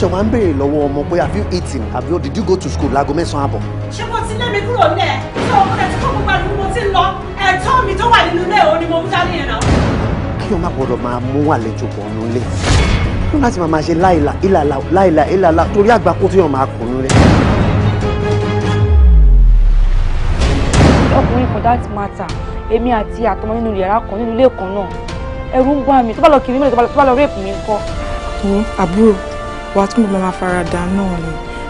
ṣe wá ń béèrè lọ́wọ́ ọmọ pé have you eaten have you did you go to school láago mẹ́sàn-án àbọ̀. ṣé mo ti lé mi kúrò ní ẹ tí ọmọ rẹ ti kọ́ gbogbo àdúgbò mo ti lọ ẹ̀tọ́ mi tó wà nínú ilé òun ni mo mú dání yẹn náà. kí o má gbọdọ̀ máa mú àlejò pọ̀ nílé kí o má ti máa máa ṣe láìla ìlàlà láìla ìlàlà torí àgbà kó tóyàn máa kùn nílé. ọkùnrin for that matter èmi àti àtọmọ nínú yàrá kan nínú ilé kan náà ẹ̀rù ń gbá mi tó bá lọ kiri mẹ́rin tó bá lọ rẹ́ẹ̀pù mi ń kọ́. àbúrò wàá túnbọ̀ máa fara dà náà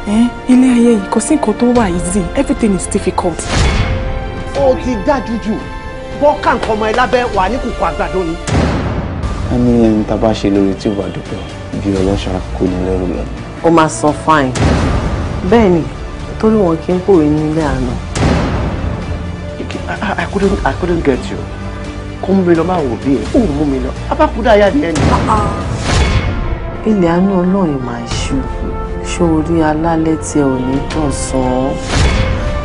ni ilé ayé yìí kò sí nǹkan tó wà easy everything is difficult. ó ti dájú jù bọ́ọ̀kà nǹkan ọmọ ẹ lábẹ́ wà ní kùkù àgbàdo ni. a ní ẹni tá a bá ṣe lórí tí ò bá dúpẹ́ bí ọlọ́ṣà kò ní lẹ́rù lọ. ó máa sọ fine bẹ́ẹ̀ ni torí wọn kì í pòwe ní ilé àná. I couldn't I couldn't get you. Kó mú mi lọ máa wò bí ẹ̀. Ó mú mi lọ. Abákúdá ayá ni ẹni. Ah, ah ilẹ̀ àánú ọlọ́run máa ṣú sórí alálẹ́ tí ẹ ò ní tọ̀sán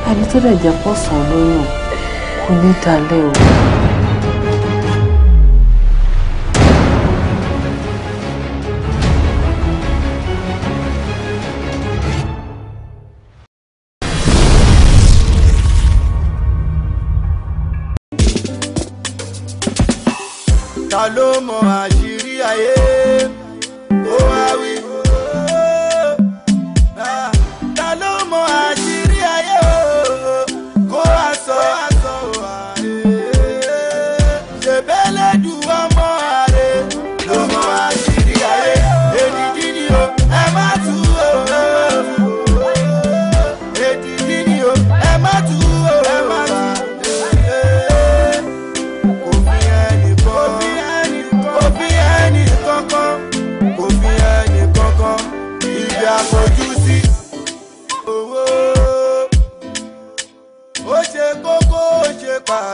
ẹni tó dẹ̀ jẹ́ pọ̀sán lóyún kò ní dalẹ̀ o. ta ló mọ àṣírí ayé.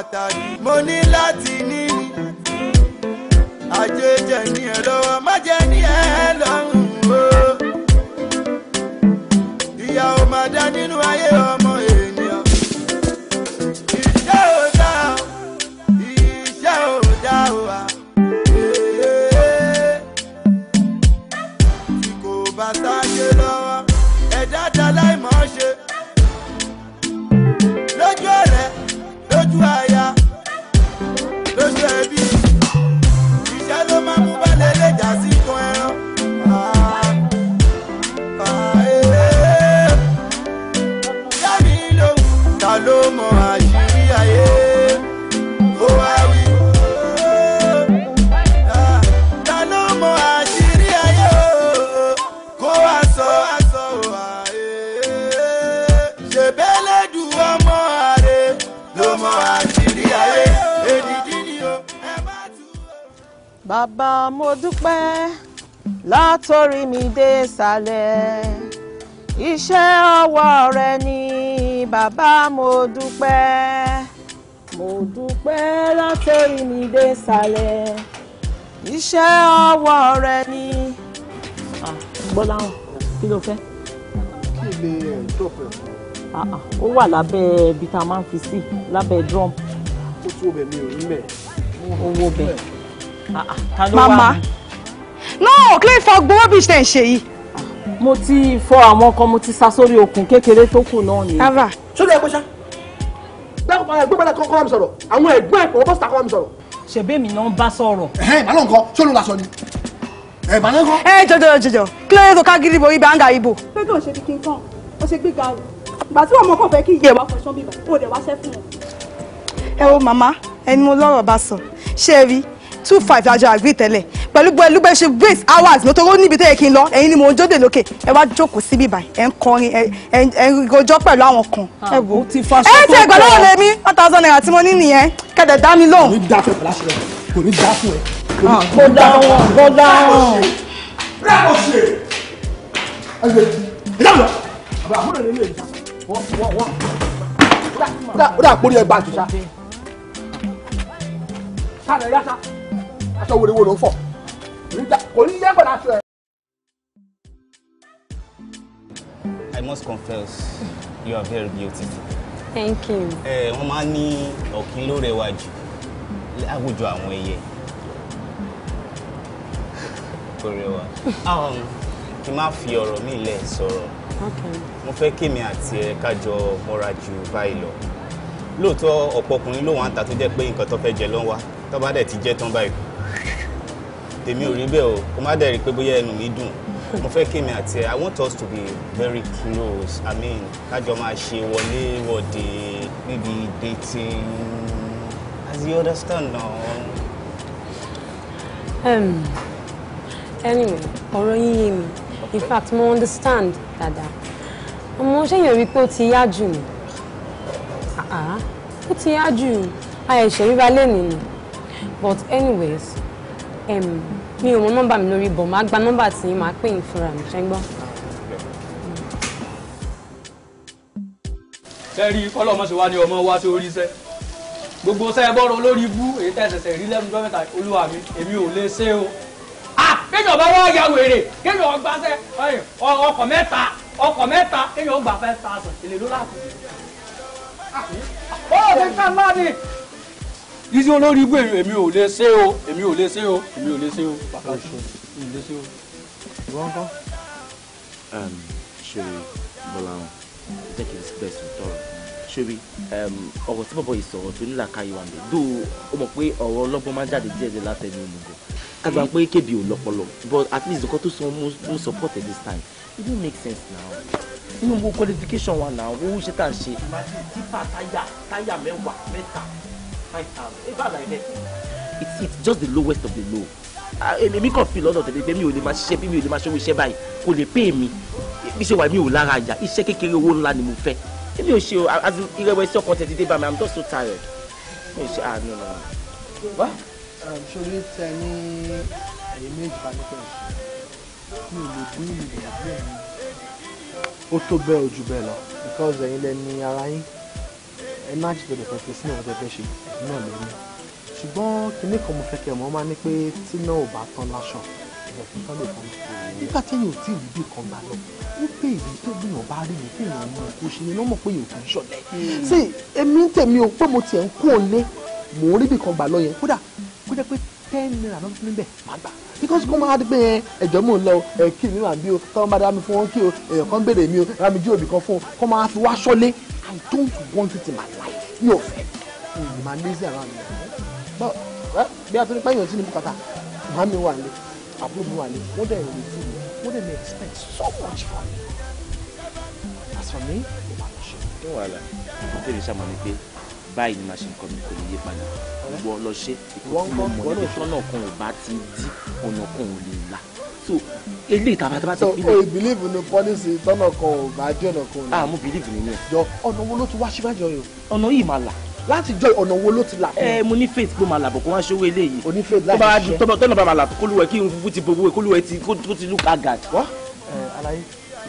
pàtàkì mo ní láti ní ni àjẹjẹ ní ẹ lọ́wọ́ má jẹ ní ẹ lọ́rùn o ìyàwó máa dá nínú ayé ọmọ. torí mi dé sàlẹ̀ iṣẹ́ ọwọ́ rẹ ni bàbá mo dúpẹ́ mo dúpẹ́ látòrí mi dé sàlẹ̀ iṣẹ́ ọwọ́ rẹ ni. gbọ́láhùn kí ló fẹ́. kí lè ẹ̀ dọ̀pẹ̀. ó wà lábẹ́ bíi tá fi sí lábẹ́ drum. ó tún ọbẹ̀ mi ò ní mẹ́. owó bẹ̀. mama no kí ló fọ gbowó bí ṣe ń ṣe yìí. mo ti fọ àwọn kan mo ti sa sórí okùn kékeré tó kù náà ni. ara sórí ẹgbẹ́ ṣá dákun ẹgbẹ́ bàdà kọ́ kọ́ mi sọ̀rọ̀ àwọn ẹ̀gbọ́n ẹ̀kọ́ bọ́sítà kọ́ mi sọ̀rọ̀. ṣèbí mi náà ń bá sọ̀rọ̀. ẹ màá lọ nǹkan ṣólú la sọ ni ẹ màá lọ nǹkan. ẹ jọjọ jọjọ kí ló yẹ kó kágiri bo ibà ń ga ibo. pé kí n ṣe kí n kàn ó ṣe gbígbà o ìgbà tí wọn mọ kàn fẹ́ kí iye wa fọṣọ bíbà ó dẹ wá ṣẹ fún wọn. ẹ màmá ẹni mo lọ́rọ̀ bá sọ ṣé ẹ rí two five lájọ àgbì tẹ́lẹ̀ pẹ̀lú bẹ́ẹ̀ lúgbẹ́ ṣe waste hours ló toró níbi tó yẹ kí n lọ ẹ̀yin ni mò ń jóde lókè ẹ wá jókòó síbí báyìí ẹ̀ ń kọrin ẹ̀ ń rojọ́ pẹ̀lú àwọn kan. Ah, ẹ wo ẹ ti ẹgbẹ́ lọ́wọ́ lèmi one thousand naira tí mo ní nìyẹn kẹ̀dẹ̀ dá mi lóhùn. kò ní dá fún ẹ kò ní dá fún ẹ. kò dá wọn ah, kò dá wọn. ó dà kórìí ẹ gbà àtúnṣá. sáré yá sá aṣọ wo ni wo ló ń fọ. I must confess, you are very beautiful. Thank you. Eh, wọ́n máa ń ní ọ̀kín ló rẹwà jù láwùjọ àwọn ẹyẹ. Kò rẹwà. Um, kí n má fi ọ̀rọ̀ mi lẹ̀ sọ̀rọ̀. Mo fẹ́ kémi àti ẹ kájọ mọ́ra ju báyìí lọ. Lóòótọ́ ọ̀pọ̀ ọkùnrin ló wà ń ta tó jẹ́ pé nǹkan tó fẹ́ jẹ ló ń wá. Tó dẹ̀ ti jẹ́ tán báyìí tèmi ò rí bẹ́ẹ̀ o kò má dẹ̀ pé bóyá ẹnu mi dùn mo fẹ́ kí mi àti ẹ i want us to be very close i mean kájọ máa ṣe wọlé wọ̀de níbi dating as you understand now. Um, anyway ọ̀rọ̀ yín yé mi in fact mo understand dada ọmọ ṣẹ́yìn rí pé ó ti yá jù mí ah, ah. ó ti yá jù àìṣe ríra lẹ́nu ni but anyways mi ò mọ nọ́mbà mi lórí bọ̀ máa gba nọ́mbà tí màá pè yín fúnra mi ṣe ń gbọ́. sẹ́ẹ̀rí kọ́lọ́ mọ̀ sí wa ni ọmọ wa sí orí iṣẹ́ gbogbo sẹ́ẹ̀ bọ́rọ̀ olórí ibú èyí tẹ̀ ṣẹ̀ṣẹ̀ rí lẹ́nu dọ́mẹ́ta olúwa mi èmi ò lè ṣe o. kéèyàn bá wá ya wèrè kéèyàn gba sẹ́ ọkọ̀ mẹ́ta ọkọ̀ mẹ́ta kéèyàn gba five thousand èlé ló láàbù. ó ti ká ńlá yíyí olórí ibú èmi ò lè ṣe o èmi ò lè ṣe o èmi ò lè ṣe o bàbá ṣe èmi ò lè ṣe o. ìwọ ń kọ́. ṣe bọ́lá wọn jẹ́ kí n sì bẹ̀rẹ̀ sùn tọrọ ṣebi ọ̀rọ̀ tí bọ̀bọ̀ yìí sọ̀rọ̀ tó nílà káyọ̀ wà dó o mọ̀ pé ọ̀rọ̀ ọlọ́gbọ́n máa ń jáde díẹ̀ díẹ̀ látẹnu òmùgọ̀ kágbá pé kébì ò lọ́pọlọ but at least nǹkan tó sọ mo support at this time it don't make sense now inú mo qualification wa now owó ṣe tá à ń ṣe. ìbáṣe tipa táyà táyà mẹ́wàá mẹ́ta It's It's just the lowest of the low. Ah, èmi kàn fi lọ́dọ̀ tẹ̀lé pé mi ò lè máa ṣiṣẹ́ bí mi ò lè máa ṣòwò iṣẹ́ báyìí kò lè pè mí bí ṣe wà mí ò lára àjà iṣẹ́ kékeré owó ńlá ni mo fẹ́ èmi ò ṣe o as ìrẹ̀wẹ̀sì ọkàn tẹ̀ ti dé bá mi I'm just so tired mi ò ṣe ah, no, no, Wá um, ṣorí tẹ ní ẹ̀yẹ méjì bá ní pẹ̀lú mi ò lè bí mi ò lè bí ẹ̀yìn. Ó tó bẹ́ẹ̀ ojú bẹ́ẹ̀ lọ because ẹ̀yin lẹ ní ara yín energy tó lè fẹ́ fi sínú ọ̀dọ̀ ẹgbẹ́ ṣe náà lórí ṣùgbọ́n kinní kan mo fẹ́ kẹ́ mọ́ máa ní pé tí ò bá tán láṣọ ìbẹ̀ tó tán lè tán nígbà tí èèyàn tí ì bí kan gbà lọ ó pé èyí tó gbìyàn bá rí mi pé èèyàn mú un kó ṣe yẹn lọ́mọ pé èèyàn kò ń sí hmm. èmi ń tèmi o pé mo tiẹ̀ ń kó o mò ń rí bí kan gbà lọ yẹn kódà kó jẹ́ pé ten naira ló fún mi bẹ̀ má gbà because kó máa gbé yẹn ẹjọ́ mò ń lọ kí mi máa bí o tọ́ bá dá mi fún wọn kí o èèyàn kan béèrè mi o rà jí òbí kan fún o kó máa fi wá ṣọ́lé I don't want it in my life mi ò fẹ́ mi ò máa lazy around mi bọ́ eh, bí a tó ní pẹ́yìn ọtí ní bùkátà màá mi wà ní àbúrò mi wà ní wọ́n dẹ̀ ìròyìn tí mi wọ́n dẹ̀ mi expect so much from me as for me mo máa lọ ṣe. kí wàhálà ìbéèrè sàmọ́ ni pé báyìí ni màá ṣe nǹkan mi kò ní yé padà wọ́n lọ ṣe ìkọ́tí mo mọ̀ ní pé tọ́nà kan ò bá ti dí ọ̀nà kan ò lè là so eléyìí tàbá tàbá ti bílẹ̀. so o believe in the policy tọ́nà kan ò bá dé ọ̀nà kan ò ní. ah mo believe nínú ẹ. jọ ọ̀nà wo ló ti wá síwájú ọ̀yọ́. ọ̀nà yìí máa là. láti jọ ọ̀nà wo ló ti là. ẹ eh, mo ní faith pé màá là bọ̀ kó wá ṣòwò eléyìí. o ní faith láti ṣe. tọ́nà tọ́nà bá màá là kó lu ẹ kí n fufu ti bo owó kó lu ẹ ti kó ti lu ká gàd. wọ́n ẹ alaye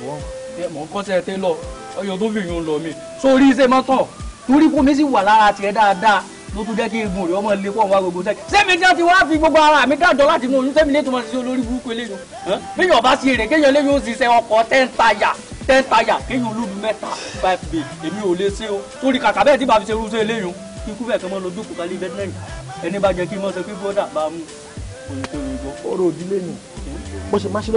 ìwọ. Eh, mọ nǹkan tẹ tẹ lọ ọyọ tó fi yun lọ mi sórí iṣẹ́ mọ́tò torí kó mi sì wà lára tiẹ̀ dáadáa ló tún jẹ́ kí egun rẹ̀ ọmọ ilé pọ̀ wá gbogbo sẹ́kẹ̀. sẹ́mi tí wọ́n ti wá fi gbogbo ara mi dájọ́ láti mú oyún sẹ́mi lè tún mọ̀ sí olórí burúkú eléyìí. bíyàn bá sí èrè kéèyàn léyìn ó sì ṣe ọkọ̀ ten táyà ten táyà kéèyàn olóbi mẹ́ta five bay èmi ò lè ṣe o torí kàkà bẹ́ẹ̀ tí bàbá ṣe irúṣẹ́ eléyìí kíkú bẹ́ẹ̀ kí wọ́n lọ jókòó kálí veterinary ẹni bá jẹ́ kí mọ́ sọ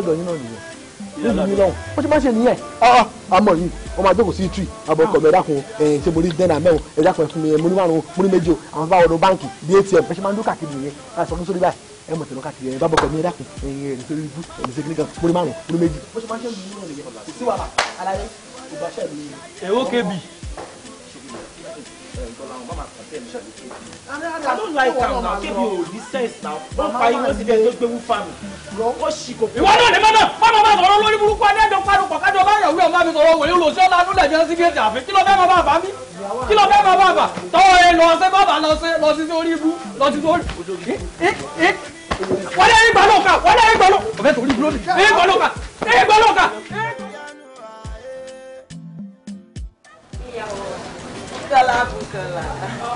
pé nílùú mi lọ́hùn ó ti máa ṣe nìyẹn àmọ́ ah, ah, yìí wọ́n máa jókòó sí tree àbọ̀kọ̀ ah. mi ẹ̀dákun ẹ̀yìn tí mo rí dẹ́nà mẹ́wọ̀n ẹ̀dákun ẹ̀fún mi mo ní márùn mo ní méje o àwọn bá wọ̀dọ̀ báǹkì bí atm bẹ́ẹ̀ ṣe máa ń dún káàkiri nìyẹn láti sọ fún sórí báyìí ẹ mọ̀ tẹ̀lé káàkiri ẹ̀ bábọ̀kọ̀ mi ẹ̀dákun ẹ̀yìn ẹ̀rìn sórí ibú ẹ̀rìn sí kíníkan mo ní márùn mo ní méje. bó ṣe máa ń ṣe é I don't like am now kebi o ní sense now ó pa iná síbẹ̀ tó gbé wúfà mi ó ṣì kò. ìwọ náà ní mọ́nà mọ́nà máa sọ̀rọ̀ lórí burúkú adé ẹ̀dọ́ parọ́ pọ̀ kájọ báyọ̀ wí ọ̀ma mi sọ̀rọ̀ wòlé olùsí ọ̀la ló lẹ̀ jẹ́ sí gẹ̀ẹ́tì àfi kí ló fẹ́ máa bá bá mi kí ló fẹ́ máa bá bá tọ́wọ́ ẹ lọ ṣe bàbá lọ ṣe lọ sí sórí ibú lọ sí sórí. wọ́n lé ẹ̀rín gbàlóka wọ́n lé ẹ̀rín gbàlóka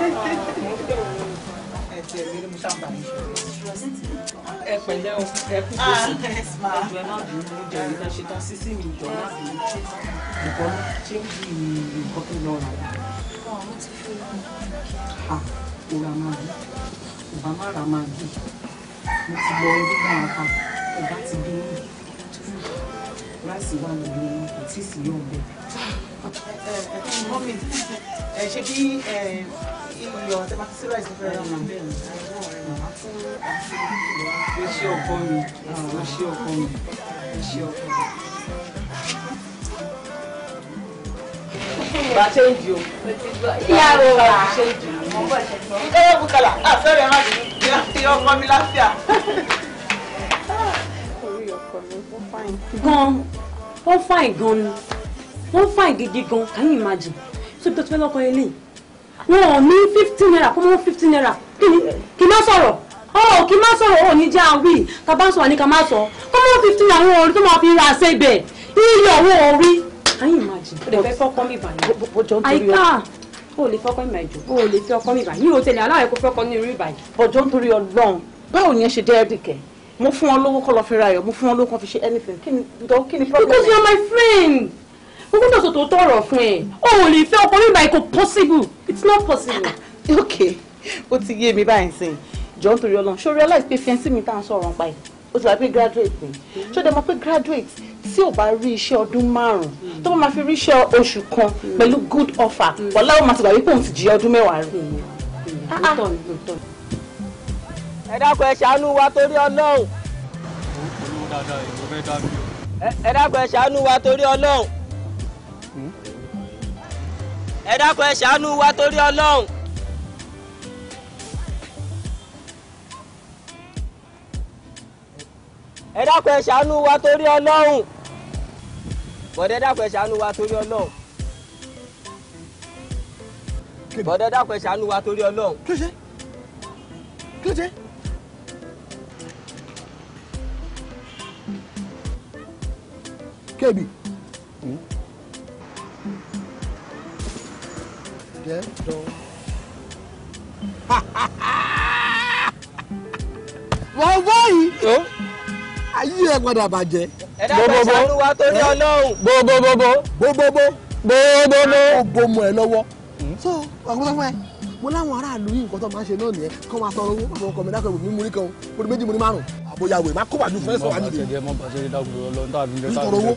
ẹ ṣe bí iyọ̀ tẹ bá ti sí rice fẹ́ rẹ̀ mọ́. ó ṣe ọkọ mi ó ṣe ọkọ mi ó ṣe ọkọ mi. bá a ṣe ń di o. ìyá o bá a ṣe ń di fàìn. gan ni wọ́n fàìn gidi gan can you imagine So bí tó ti fẹ́ lọ́kọ eléyìí wọn ò ní fifteen naira kó mọ́ fifteen naira kí má sọ̀rọ̀ ọ kí má sọ̀rọ̀ ò ní jẹ́ àwí ká bá sọ̀rọ̀ ní ká má sọ kó mọ́ fifteen naira wọn ò rí tó máa fi ra ṣe ibẹ̀ iyọ̀ wọn ò rí. ayé ìmájì ó lè fẹ́ fọ́kọ́ mi bàyẹ̀ àyíká ó lè fọ́kọ́ mi bàyẹ̀ ó lè fi ọkọ́ mi bàyẹ̀ yóò tẹ̀lé aláwẹ̀ kó fọ́kọ́ ní orí bàyẹ̀. bọ̀jọ́ nítorí ọlọ́run báwo ni ẹ ṣe dẹ́rẹ́bì kẹ́ mo fún wọn lówó kọ́ lọ fi ra ayọ̀ mo fún wọn lówó kọ́ fi ṣe anything kí ni problem. because you are my friend mo gbọ́dọ̀ sọ tó tọrọ fún ẹ o ò lè fẹ́ ọkọ mi báyìí kò possible it's not possible. ok ó ti yé mi báyìí sìn jọ nítorí Ọlọ́run ṣó realize pé fiẹ́nsì mi tá à ń sọ̀rọ̀ pa ẹ̀ ó ti wá pé graduate ni ṣó dẹ̀ mọ̀ pé graduate tí ò bá rí iṣẹ́ ọdún márùn-ún tó bá máa fi rí iṣẹ́ oṣù kan pẹ̀lú good offer hmm. wàhálà ó máa ti gbà wípé òun ti jí ọdún mẹ́wàá rẹ̀. Hmm. Ah, ah. ẹ dákun ẹ ṣàánú wa torí Ọlọ́run. ẹ dákun ẹ ṣàánú wa torí Ọlọ́run ẹ dákun ẹ ṣàánú wa torí ọlọ́run. ẹ dákun ẹ ṣàánú wa torí ọlọ́run. bọ̀dẹ̀ dákun ẹ ṣàánú wa torí ọlọ́run. bọ̀dẹ̀ dákun ẹ ṣàánú wa torí ọlọ́run. kí ló ṣe kí ló kébì. Hmm? yẹn dán. wọ́n báyìí ayé ẹ̀ padà bàjẹ́. ẹ̀dá pẹ̀sẹ̀ olúwa tó ní ọlọ́run. bobobobo. bobobo. bobobo. bo bomú ẹ lọ́wọ́. so ọ̀gbọ́n fún ẹ mo láwọn aráàlú yìí nǹkan tó máa ń ṣe náà nìyẹn kọ́ máa tọrọ owó àwọn ọkọ mi dákọ̀ mi múrí kan mo ní méjì mo ní márùn àbóyá wèé má kó wàjú fún ẹsẹ̀ wá nílé. nítorí owó.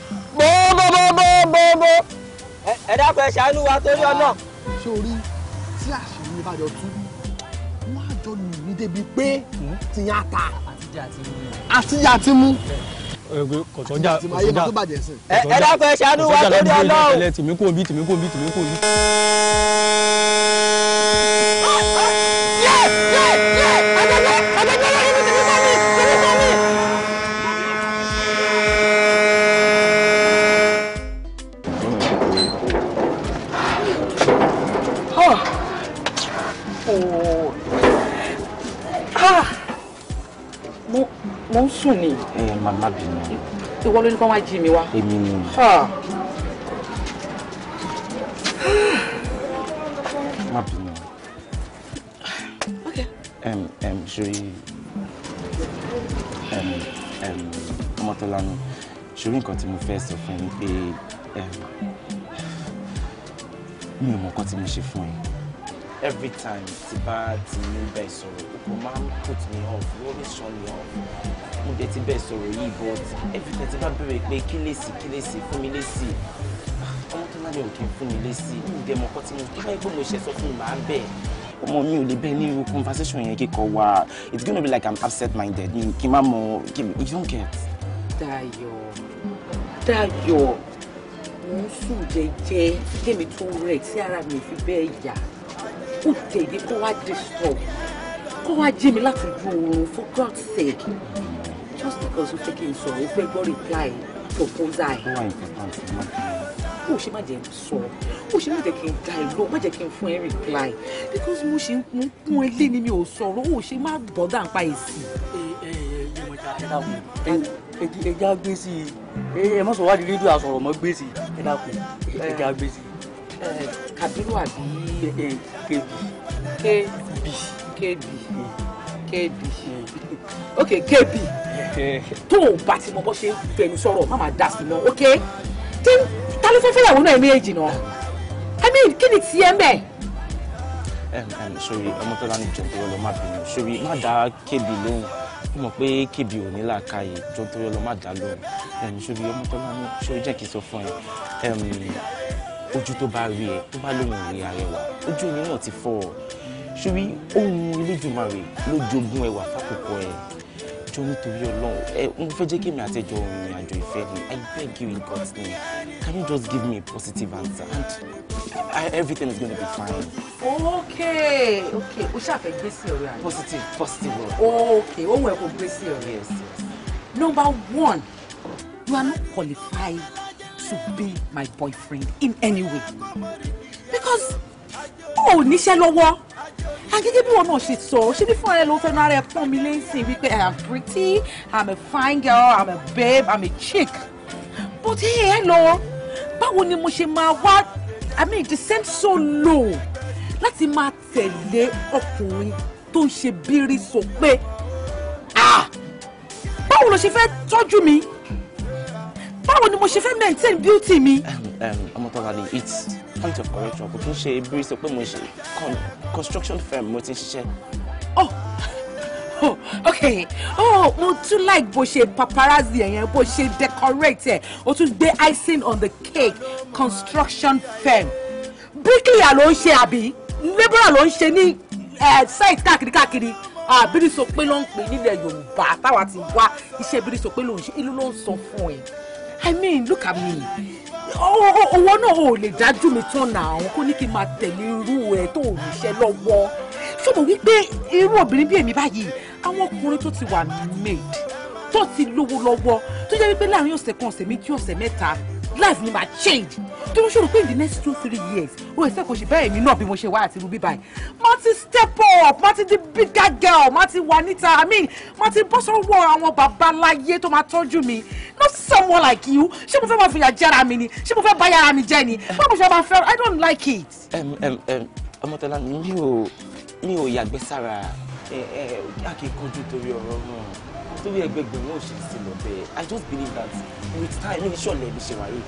bobobobo. ẹ̀dá pẹ̀sẹ̀ olúwa tó ní ọlọ́run ṣé o rí tí àṣírí bá jọ tú wọn á jọ lù mí débi pé tìyàn ata àtijọ́ àti mú kọ̀sọ́jà kọ̀sọ́jà ẹ dákun ẹ ṣàánú wa lórí tìmí kò bí tìmí kò bí tìmí kò bí. yes yes yes àtẹ̀tẹ̀ àtẹ̀tẹ̀. sùn ni. ẹ màmá bínú. ìwọ ló ní kó wá jí mi wá. èmi ni. má bínú. ṣorí ọmọtọ́lánú ṣorí nǹkan tí mo fẹ́ sọ fún ẹ ni pé mi ò mọ nǹkan tí mo ṣe fún ẹ every time tí bá ti ní bẹ́ẹ̀ sọ̀rọ̀ o máa ń put me off you always shun me off mo dẹ̀ ti bẹ́ẹ̀ sọ̀rọ̀ yìí but every time tí bá bẹ̀rẹ̀ pé kí lèsì kí lèsì fún mi lèsì ah, ọmọ tó lábẹ́ òkè fún mi lèsì mi dẹ̀ mọ̀ kọ́ tí mo kí báyìí pé mo ṣe sọ fún mi màá bẹ́ẹ̀ ọmọ mi ò lè bẹ́ẹ̀ ní irú conversation yẹn kíkọ wa it's gonna be like i'm upset minded ni kí n má mọ kí n you don't get. Dayọ̀ Dayọ̀ mo ń sùn jẹ́jẹ́ kí èmi tó rẹ̀ tí ara mi fi bẹ́ẹ̀ yà kò tẹ̀lé kó wá disturb kó wá jí mi láti ju oorun for God's sake just because ó fẹ́ kí n sọ̀rọ̀ ó fẹ́ gbọ́ reply proposal ẹ̀. ó ṣe má jẹ́ n sọ ó ṣe má jẹ́ kí n da ìlú má jẹ́ kí n fún ẹ reply because mo ṣe ń kún ẹ lé ni mi ò sọ̀rọ̀ ó ṣe má bọ́dà ń pa èsì. ẹ ẹ ẹ mo jà ẹ dáhùn ẹja gbé sí i ẹ mọ̀ sọ̀rọ̀ wá di rédíò àsọ̀rọ̀ mọ́ gbé sí i ẹ dákun ẹja gbé sí i. Kabiru àbí KB KB KB KB ok KB tó o bá ti mọ bó ṣe fẹnu sọ̀rọ̀ má máa dà sí mọ́ ok ta ló fẹ́ fẹ́yàwó náà méjì náà I mean kí ni tiẹ̀ mẹ́ẹ̀ sori ọmọtọ́lání jọ̀ntọ́rọ́ lọ má bínú sori má dá kébì lóhùn ó mọ̀ pé kébì ò ní làákàyè jọ̀ntọ́rọ́ lọ má dá lóhùn sori ọmọtọ́lání sori jẹ́ kí n sọ fún ẹ ojú tó bá rí ẹ tó bá lóun rí arẹwà ojú mi náà ti fọ́ ọ ṣùgbọ́n ohun Elédùmarè ló jogún ẹwà fákòókò ẹ jọ nítorí Ọlọ́run ẹ mo fẹ́ jẹ́ kémi àtẹjọ ìrìn àjò ìfẹ́ ni I beg you in God's name can you just give me a positive answer and everything is gonna be fine. okay okay o ṣàfẹ́ gbé sí ọ̀rẹ́ àná. positive positive ọ̀rẹ́. okay ohun ẹ̀ gbé sí ọ̀rẹ́. yes yes. number one you are not qualified to be my boyfriend in any way because o ò níṣẹ́ lọ́wọ́ agẹ́gẹ́ bí wọn náà ṣe sọ ṣé bí fúnra rẹ ló fẹ́ràn ara pọ́n mi lẹ́sìn wípé i am pretty i'm a fine girl i'm a babe i'm a chick but hey hello báwo ni mo ṣe máa wá i mean descend so low láti máa tẹ̀lé ọkùnrin tó ń ṣe bírí sọ pé ah báwo ló ṣe fẹ́ tọ́jú mi báwo ni mo ṣe fẹ́ maintain beauty mi. ọmọ tó wà ní point of correction kò tún ṣe ebiri sọ pé mo ṣe construction firm mo ti ń ṣiṣẹ́. oh oh okay oh mo tún like bó ṣe paparazzi ẹ̀yẹn bó ṣe decorate ẹ̀ o tún gbé icing on the cake construction firm bricklayer ló ń ṣe àbí labourer ló ń ṣe ní eh, site káàkiri káàkiri àbírísọ ah, pé ló ń pè nílẹ̀ yorùbá táwa ti wá iṣẹ́ bírísọ pé ló ń ṣe ìlú ló ń sọ fún ẹ. I mean look at me oh, oh, oh, owó náà ò lè dájú mi tán náà àwọn kó ní kí n máa tẹ̀lé irú ẹ tó ò níṣẹ́ lọ́wọ́ ṣùgbọ́n wípé irú obìnrin bí èmi báyìí àwọn ọkùnrin tó ti wà made tó ti lówó lọ́wọ́ tó jẹ́ wípé láàrin ọ̀sẹ̀ kan ọ̀sẹ̀ méjì ọ̀sẹ̀ mẹ́ta life ni máa change tó ń ṣòro pé in the next two three years o ẹsẹ kò ṣe bẹ́ẹ̀ mi náà bí mo ṣe wá àti rubí báyìí má ti step up má ti di bigger girl má ti wà níta i mean má ti bọ́ sọ́wọ́ àwọn bàbá láyé tó máa tọ́jú mi not someone like you ṣé mo fẹ́ máa fìyà jẹ́ra mi ni ṣé mo fẹ́ bá yàrá mi jẹ́ ni bá mo ṣe máa fẹ́ i don't like it. ọmọtọ́lá mi ò mi ò yàgbẹ́ sára ẹ ẹ akíkanjú torí ọ̀rọ̀ náà lórí ẹgbẹgbẹ̀rún òṣèlú sí lọ bẹ́ẹ̀ I just believe that with time ní iṣẹ́ ọ̀lẹ́ mi ṣe wáyé.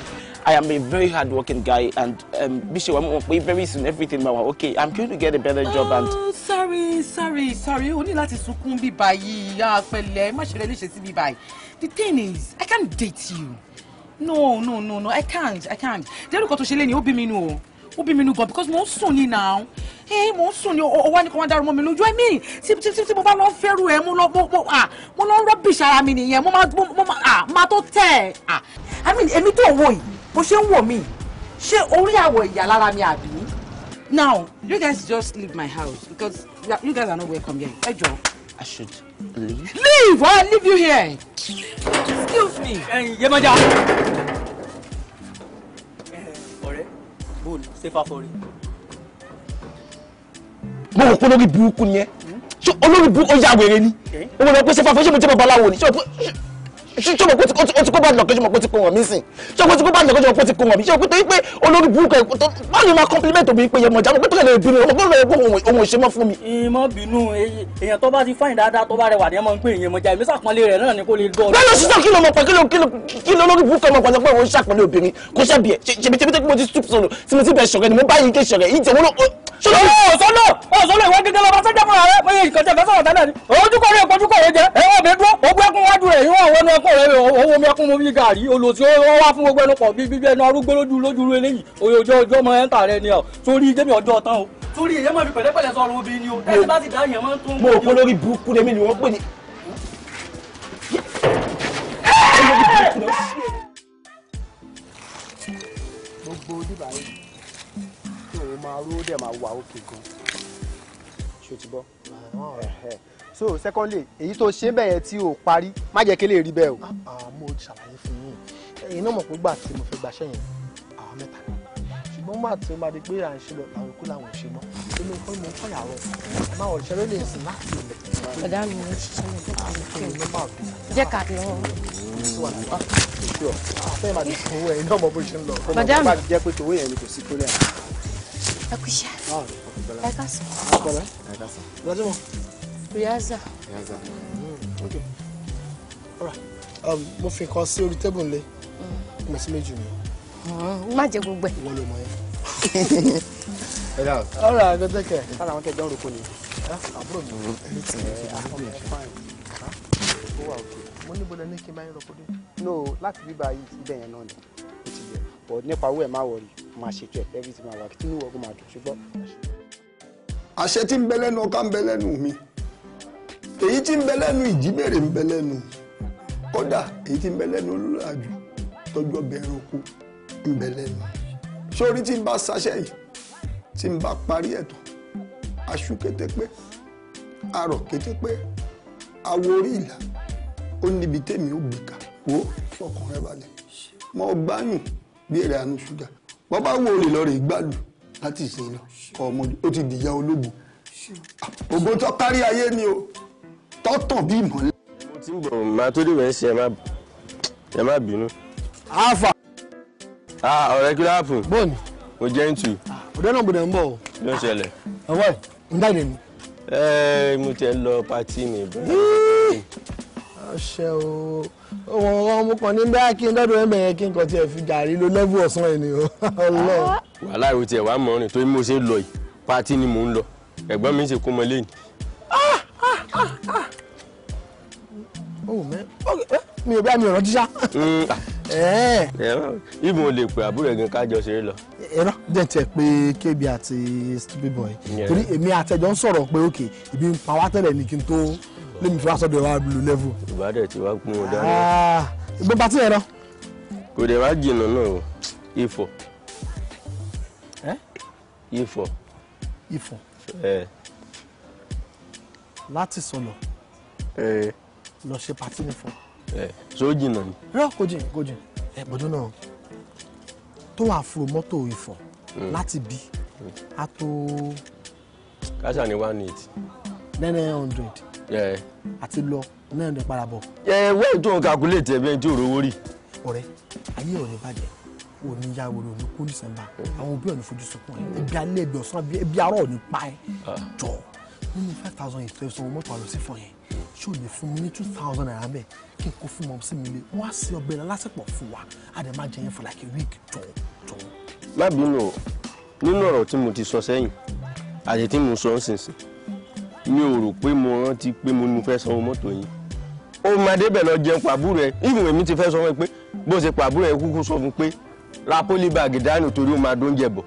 I am a very hard working guy and um, bí ṣe wà mọ̀ very soon everything my wà okay I'm going to get a better job and. Oh, sorry sorry sorry o ní láti sunkún bí báyìí àpẹlẹ ah, má ṣe rẹ léṣe sí bí báyìí the thing is I can't date you no no no no I can't I can't jẹ́rù kan tó ṣe lé ni ó bí mi nù o ó bí mi nu gan because mo ń sùn ní now ee eh, mo ń sùn ní ọwọ́ ni kò wọ́n dárò mọ́ mi lójú ẹ̀ mí tí mo bá lọ fẹ́rù ẹ̀ mo lọ mo lọ rọ́bìṣì ara mi nìyẹn mo máa tó tẹ̀ ẹ̀ i mean èmi tó wò yìí bó ṣe ń wò mí ṣé orí àwọ̀ ìyá lára mi àbí. now you guys just leave my house because you guys are not welcome here ẹ jọ. I should leave. Leave! Why leave you here? Excuse me. Yemaja bóòlù sefa fọre. mo rò pé olórí burúkú ni ẹ olórí burúkú ó yà wèrè ni ó mọ̀ pé sefa fọre ṣé mo jẹ́ babaláwo ni ṣé o ṣé mo kó ti kó bá lọ́kẹ́jọ́ mo kó ti kó wọ̀n mí sìn ṣé mo ti kó bá lọ́kẹ́jọ́ mo kó ti kó wọ̀n mí ṣé o torí pé olórí burúkú ẹ̀ báwo ni máa compliment òbí pé yẹmọ̀já mo pẹ́tọ́ lè bínú ọmọ gbọ́dọ̀ lè gbóhùn ohun ìṣe mọ́ fún mi. ìmọ̀ bínú èèyàn tó bá ti fáyìn dáadáa tó bá rẹwà ní ẹ máa ń pè é yẹmọ̀já èmi sàpọ́nlé rẹ̀ náà ni kò lè gbọ́. bẹ́ẹ̀ ló ṣiṣẹ́ kí ló mọ̀ pọ̀ kí ló lórí burúkú ọmọ pàṣẹ pé òun ṣàpọ́nlé obìnrin kò ṣàbí ẹ̀ ṣèbí tẹ́bí tẹ́bí mo ti stoop sọ̀rọ̀ tí mo ti bẹ̀ ṣọ̀rẹ́ ni mo bá yín ké ṣọ̀rẹ́ yín tẹ̀wọ́n sọlọ sọlọ sọlọ ìwọ gẹ́gẹ́ lọba sọjà fún ààrẹ pé ìkọjẹ fẹsẹ ọtá náà ni ojúkọ rẹ kọjúkọ rẹ jẹ ẹ ọbẹ dúró ogun ẹkún wájú rẹ ìwọn àwọn ẹnu ẹk ọkọ rẹ owó mẹkún mo bí gàrí olùsí ó wá fún gbogbo ẹnu pọ̀ bí bíbí ẹnu arúgbó lójú lójú eléyìí òye ojú ọjọ́ ọmọ ẹ̀ńtà rẹ ni ọ sórí jẹ́mi ọjọ́ tán o. sórí èyí máa fi pẹ̀lẹ́pẹ̀lẹ́ sọ̀rọ̀ obìnrin ni o tẹ́sí bá ti dá yẹn máa ń tún. mo kó lórí burúkú lèmi ni wọ́n pè ní. gbogbo oníbàárà tí òun máa ró dẹ̀ máa wà ókè gan ṣòtúbọ̀ so secondly èyí tó ṣe bẹ́ẹ̀ tí o parí má jẹ́ kí lè rí bẹ́ẹ̀ o. Ah, ah, mo ṣàlàyé fún yín ẹ̀yin náà mọ̀ pé gbà tí mo fẹ́ gbàṣẹ́ yẹn àwọn mẹ́ta ni ṣùgbọ́n gbà tí mo bá di pé à ń ṣe lọ làwọn èkó làwọn ò ṣe mọ́ èmi kọ́ ni mo ń kọ́ ìyàwó ẹ̀ máa ọ̀ṣẹ́ ló lè sìn láti ilẹ̀. ọ̀dà mi ò ṣiṣẹ́ mi jẹ́ ká lọ jẹ́ ká lọ. àfẹ́ màá ti fún ẹ̀yin náà mọ bó ṣe ń lọ. ọ̀dà mi jẹ́ pé tòwé yẹn ni kò sí ẹ kú iṣẹ́ ah, ẹ ká sọ. Riaza. Riaza. Hmm, okay. All right. Um, mo fi nǹkan sí orí tébù ńlẹ̀. Hmm. Mo sì méjì mi. Hmm, má jẹ gbogbo ẹ̀. Wọ́n ló mọ yẹn. Ẹ dà. All right, go take care. Kára àwọn tẹ̀ jọ́ ń roko ni. Àbúrò mi ò ní ti àkọ́kọ́ fine. Ó wà òkè. Mo ní bọ́lá ní kí n bá yín roko dé. No, láti bíbá yìí ti bẹ̀yẹn náà ni. Ó ti bẹ̀. But nípa owó ẹ̀ máa wọ̀rì, máa ṣètò ẹ̀ everything máa wà kí tí inú ọgbọ́n máa dùn ṣùgbọ́n. Àṣẹ tí ń bẹ lẹ́nu ọká ń bẹ lẹ́nu mi èyí tí ń bẹ lẹ́nu ìjíbèrè ń bẹ lẹ́nu kódà èyí tí ń bẹ lẹ́nu olùlàjù tọ́jú ọbẹ̀ ẹranko ń bẹ lẹ́nu sórí tí ń bá ṣaṣẹ́ yìí tí ń bá parí ẹ̀tọ́ aṣú kété arọ̀ kété awo orí ìlà ó níbi tèmi ó gbé ká wo fọkàn rẹ balẹ̀ mọ gbáyùn bí èrè àánú ṣúgà wọ́n bá wo olè lọ́rẹ̀ ìgbàlù láti ìsìn lọ kọ́ ọmọdé ó ti dìjà ológun ògbó tó kárí ayé ni o tọ́tàn bí ìmọ̀lẹ́. mo ti ń bọ̀ máa tó dìbò ẹsẹ̀ ẹ má bínú. alfa. ọ̀rẹ́ kí ló hàpù. bóòni. mo jẹ́ ń tù. ọ̀dọ́ náà gbọ́dọ̀ ń bọ̀ o. ló ń ṣẹlẹ̀. ọwọ́ ẹ̀ ń dá ìdènì. ẹ mo tẹ lọ pati mi. ọṣẹ o wọn wọn mú kan ní bẹ́ẹ̀ kí n dọ́dọ̀ ẹ̀ bẹ̀yẹn kí n kàn tiẹ̀ fi gàrí lọ lẹ́bù ọ̀sán ẹ̀ ni o. wàhálà ìwé tiẹ̀ wàá mọ̀ ọ́nì torí mo ṣe lọ yìí pati ni mò ń lọ ẹ̀gbọ́n mi ṣe kó mọ lẹ́yìn Oh, eh, mi ò bá mi ọ̀rọ̀ mm. eh. tíṣà. ibo lè pè àbúrò ẹ̀gàn kájọ ṣeré lọ. ẹ̀rọ dẹ̀ tẹ̀ pé kb àti stupid boy torí èmi àtẹ̀jọ́ ń sọ̀rọ̀ pé òkè ibi ń pa wá tẹ́lẹ̀ ní kí n tó lémi fi wá sọ́dọ̀ wa lu level. ìbádẹ́ ah, tí wàá gún un dáná. ìgbọ́n patí ẹ̀rọ. kò dẹ̀ wá jìnnà náà o ifọ̀. Eh? ifọ̀. ifọ̀ láti sọ̀nà lọ ṣe pàtí mi fún. ṣó jìnnà ni. rẹ kò jìn kò jìn ẹ gbọ́dọ̀ náà tó wà fúru mọ́tò ìfọ̀ mm. láti bí mm. a tó. káṣà ni one eight. nine hundred. àti lọ nine hundred padà bọ̀. ẹ wẹ́ẹ̀ tó ń calculate ẹ̀ bẹ́ẹ̀ tí ò rówó rí. ọ̀rẹ́ ayé ò ní bàjẹ́ òní ya wòlò ní kó December mm. àwọn òbí ò ní fojú sunkún ẹ̀ ibi alẹ́ ibi ọ̀sán ibi arọ́ ò pa ẹ̀ ah. jọ nínú five thousand yìí tó sanwó mọ́tò àlọ́sí fún yẹn ṣé o lè fún mi ní two thousand naira bẹ́ẹ̀ kí n kó fún mọ́ sí mi lé wọ́n á ṣe ọbẹ̀ lásìpọ̀ fún wa á dẹ̀ máa jẹ yẹn for like a week jọ̀ọ́ jọ̀ọ́. má bínú o nínú ọ̀rọ̀ tí mo ti sọ sẹ́yìn àti tí mo sọ ń sìn sìn mi ò rò pé mo rántí pé mo ní fẹ́ sanwó mọ́tò yìí ó máa débẹ̀ lọ jẹun pàbúrò ẹ ìwọ̀n èmi ti fẹ́ sọ fún ẹ pé bó ṣe pàbúrò ẹ kúkú sọ fún pé ra pólíbàgì dánù torí ó máa dóúnjẹ bọ̀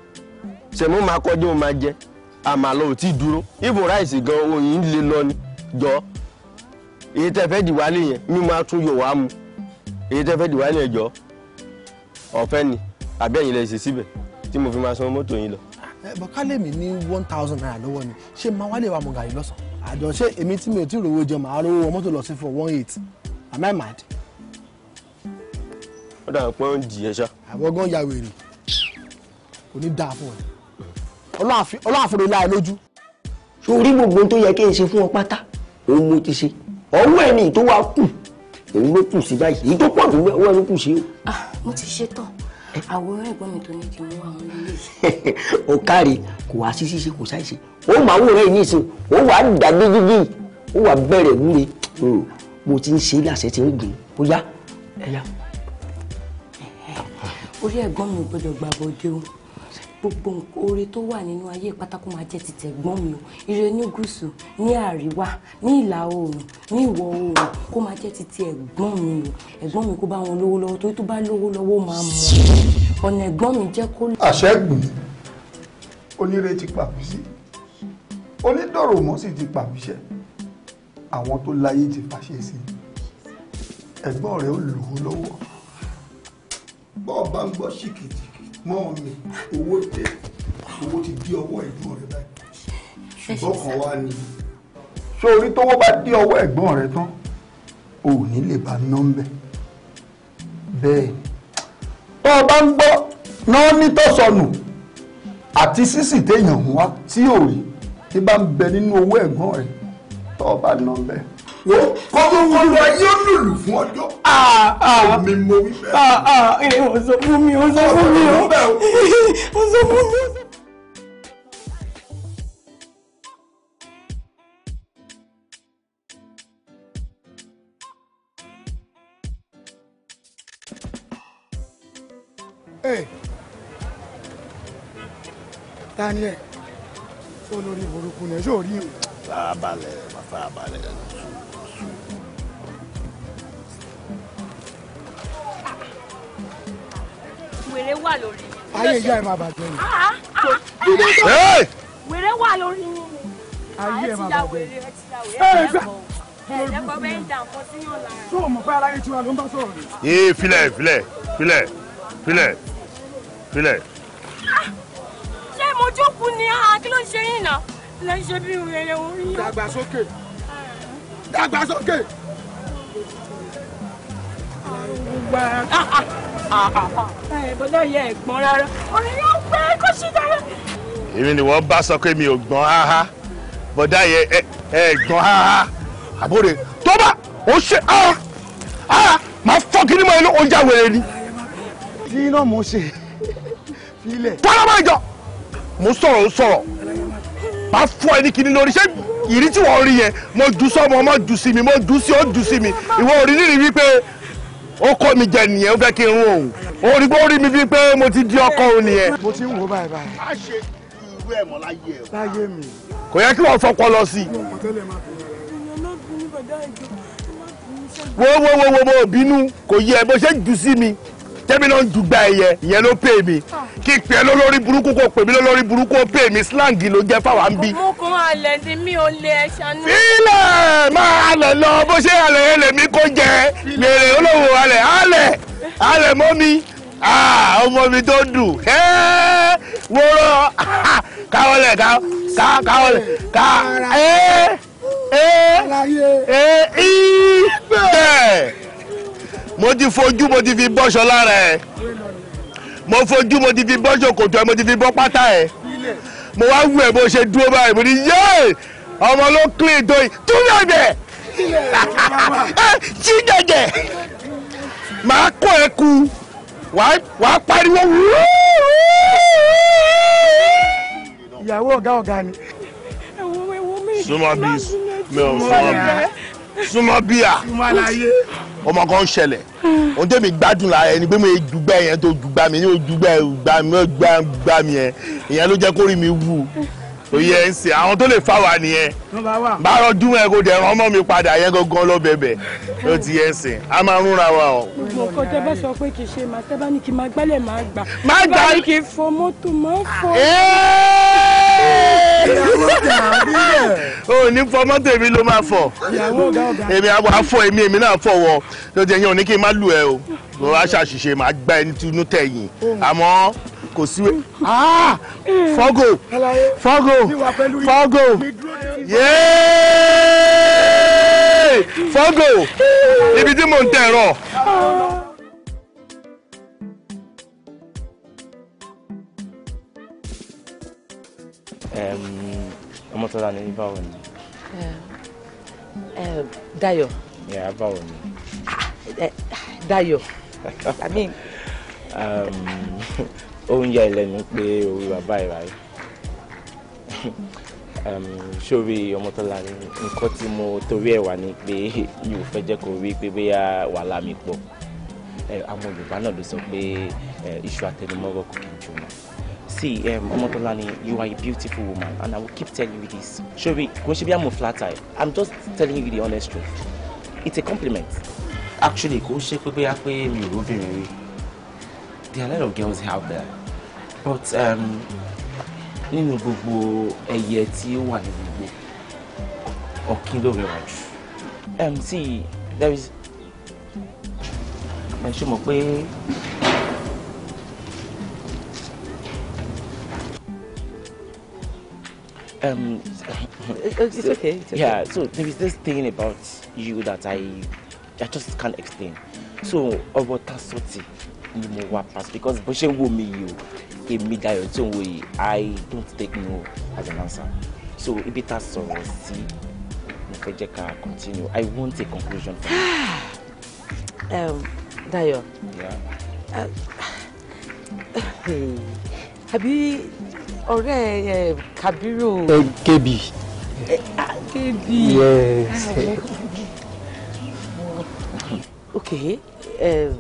ṣèmú máa kọjú ó máa jẹ àmàlà ò tí dúró ibò ráìsì gan oyin lè lọ ni jọ èyí tẹ́ fẹ́ dìwálé yẹn mi máa tún yọ̀ wá mu èyí tẹ́ fẹ́ dìwálé yẹn jọ ọ̀fẹ́ ni àbí ẹ̀yin lè ṣe síbẹ̀ tí mo fi máa san mọ́tò yín lọ. ẹ bọ ká lèmi ní one thousand naira lọ́wọ́ ni ṣé máa wálé wa mo gàrí lọ́sàn-án àjọ ṣé èmi tí mi ò tí rówó jẹun màá rówó mọ́tò lọ sí for one eight am I mad. ó dàbí pé ó ń jì ẹ ṣá. àwọn gan ya wèrè kò ní dáa fún ọ ọlọ́run àfọ̀rọ̀ ilé ayé lójú. sórí gbogbo tó yẹ kí n ṣe fún ọ pátá òun mo ti ṣe ọwọ́ ẹni tó wá kù òun ló kù sí báyìí èyí tó pọ̀ jù ọwọ́ ẹni kù sí o. Ah, mo ti ṣe tán àwòrán ẹ̀gbọ́n mi tó ní kí n wá àwọn ilé yìí. o káre kò wá sí ṣíṣe kò ṣàìṣe ó mà wòrán yìí nìṣó ó wà á dàgbé gígé ó wà bẹ̀rẹ̀ wúre mo ti ń ṣe láṣẹ ti ń gbìn ó yá ẹ yá. orí ẹ̀gbọ́n mi ò gbọ́dọ̀ gbàgbọ́ dé o gbogbo oore tó wà nínú ayé pátákó máa jẹ́ títẹ̀ gbọ́n mi o ire ní gúúsù ní àríwá ní ìlà oòrùn ní ìwọ̀ oòrùn kó máa jẹ́ títí ẹ̀gbọ́n mi o ẹ̀gbọ́n mi kó bá wọn lówó lọ́wọ́ torí tó bá lówó lọ́wọ́ máa mọ̀ ọ̀nà ẹ̀gbọ́n mi jẹ́ kó. àṣẹ́gun onírè ti pàbísí onídọ̀rọ̀mọ́ sì ti pàbíṣẹ́ àwọn tó láyé ti fàṣẹ sí ẹ̀gbọ́n rẹ̀ ó lò ó bọ́ọ̀ bá ń gbọ́ ṣìkìtì mọ́ mi owó tẹ owó ti dí ọwọ́ ẹ̀gbọ́n rẹ báyìí ṣùgbọ́n kan wá ni ṣé orí tówó bá dí ọwọ́ ẹ̀gbọ́n rẹ tán o ò ní lè bá nọ́mbẹ̀ bẹ́ẹ̀ tó o bá ń gbọ́ náà nítòsọnù àti sísì téèyàn wá tí ò rí tí bá ń bẹ nínú owó ẹ̀gbọ́n rẹ tó o bá nọ́mbẹ̀ wo kọ́kọ́ wo lọ yóò lùlù fún ọjọ́ ah, ah. mi mo wí bẹ́ẹ̀. Ah, eh, o sọ fún mi o fún mi o o fún mi. Hey. Eh. Daniel olórí burúkú ni ẹ yóò rí o. farabalẹ̀ farabalẹ̀. wèrè wà lórí yín. ayé ìyá ẹ máa bàjẹ́ ni. Ah, ah, ah, wèrè wà lórí yín ni. ayé ẹ máa bàjẹ́ ni. ẹ gbà lórúkú yìí tó o mọ̀ pé aláyé tiwa ló ń bá sọ̀rọ̀ ni. yéé filẹ̀ filẹ̀ filẹ̀ filẹ̀ filẹ̀. ṣé mo jókòó ni kí ló ń ṣe yín náà lè ṣe bí wèrè orí yín. dàgbàsókè dàgbàsókè bọ́dọ̀ yẹ ẹ̀gbọ́n rárá ọ̀rẹ́ yóò pẹ́ kó sì dára. èmi ni wọ́n bá sọ pé mi ò gbọ́n háhá bọ́dọ̀ yẹ ẹ̀gbọ́n háhá àbúrò tó bá ó ṣe ara ara máa fọ́ kí ni mo inú oúnjẹ wẹ̀rẹ̀ ni. kí náà mo ṣe filẹ̀. tọ́lá máa jọ mo sọ̀rọ̀ ó sọ̀rọ̀ máa fọ́ ẹni kìíní lórí ṣé ìrí tí wọ́n rí yẹn mo jù sọ́mọ mo jù sí mi mo jù sí ó jù sí mi ìwọ òrí nírìí wípé ó kọ́ mi jẹ nìyẹn ó fẹ́ kí n rún òun ó rí pé ó rí mi bíi pé mo ti di ọkọ òun nìyẹn. mo ti ń wò báyìí báyìí. a ṣe irú ẹ̀ mọ́ láyé ẹ̀. láyé mi. kò yẹ kí wọ́n fọpọ́ lọ sí i. wo wo wo wo bínú kò yẹ bó ṣe jù sí mi tẹ́mi náà ń dùgbà ẹ̀yẹ ìyẹn ló pè mí ah. kí pè é lólórí burúkú kò pè mí lólórí burúkú ó pè mí slang ló jẹ́ fáwa ń bí. mo kàn máa lẹ̀ mi ò lè ṣàánú. sílẹ̀ máa lẹ̀ lọ bó ṣe àlẹ́ yẹn lèmi kó jẹ lèrè olówó alẹ̀ alẹ̀ alẹ̀ mọ́ mi ah, ọmọ mi tó dùn mo rọ káwọlẹ̀ káwọlẹ̀ ká ẹ ẹ ẹ ẹ bẹ́ẹ̀ mo ti fojú mo ti fi bọ́ṣọ lára ẹ̀ mo fojú mo ti fi bọ́ṣọ kòtò ẹ̀ mo ti fi bọ́ pátá ẹ̀ mo wá wù ẹ̀ bó ṣe dúró báyìí mo ní yéè ọmọ ló clean tó yìí túnbẹ̀ bẹ̀ tí jẹjẹ màá kó ẹ ku wàá pariwo wúúú. ni. súnmọ́ bí mi ò fọ́ súnmọ́ bíà ọmọ kan ṣẹlẹ̀ ohun tẹ́mi gbádùn la ẹni pé mo dùgbẹ́ yẹn tó dùgbà mi ní o dùgbà mi o gbà mi yẹn ìyẹn ló jẹ́ kórìí mi wù oyè ń sè àwọn tó lè fà wá nìyẹn bá rọdún ẹ kó dẹrùn ọmọ mi padà yẹn gangan lọ bẹ̀bẹ̀ ló ti yẹ ń sè a máa rúnra wa o. gbogbo ọkọ tẹ bá sọ pé kì í ṣe màá tẹ bá ní kí máa gbálẹ̀ máa gbà máa gbà bá ní kí fo mọ́tò máa fo. o ní fọ mọ́tò èmi ló máa fọ èmi àwọn afọ èmi èmi náà fọ wọ ló jẹ yẹn ò ní kí n má lù ẹ o lọ́wọ́ aṣàṣìṣe màá gbá ẹni tí inú tẹ̀yìn oh. àmọ́ kò síwé ah! fọ́gò fọ́gò fọ́gò yéé fọ́gò ibi tí mò ń tẹ̀ rọ̀. Ọmọ́tọ́lá ni báwo ni. Dayọ̀. Yeah, báwo ni. Ah, Dayọ̀. I mean. Um, ó ń ya ìlẹ́nu pé orí bàbá ìrà rẹ̀ sórí ọmọ tó la nǹkan tí mo torí ẹ̀ wá ni pé mi fẹ́ jẹ́ kó rí pé bóyá wàhálà mi pọ̀ àwọn Yorùbá náà ló sọ pé iṣu àtẹnumọ́rọ̀ kò kí n jóná see Omotolani you are a beautiful woman and I will keep telling you this sórí kò ṣe bí àmọ́ flatter I'm just telling you the honest truth it's a compliment actually kò ṣe pé bóyá pé mi ò róbìnrin rí there are a lot of girls out there but um, nínú gbogbo ẹyẹ tí ó wà ní gbogbo ọ̀kín ló rẹwà jù MC, um, there is ẹ ṣe mọ̀ pé um, it's okay. It's okay. Yeah, so there is this thing about you that I, I just can't explain. So ọ̀rọ̀ ta sọtì ni mo wá pass because bó ṣe ń wò mí yìí o èmi Dayọ̀ tí òun wò i don't take no as an answer so if it has sọ̀rọ̀ see, mo fẹ́ jẹ́ continue i want a conclusion from um, Dayọ̀. Yeah. Uh, àbí ọ̀rẹ́ ẹ̀ Kabiru. ẹ Kebbi. Kebbi. yes. Ah, ok um,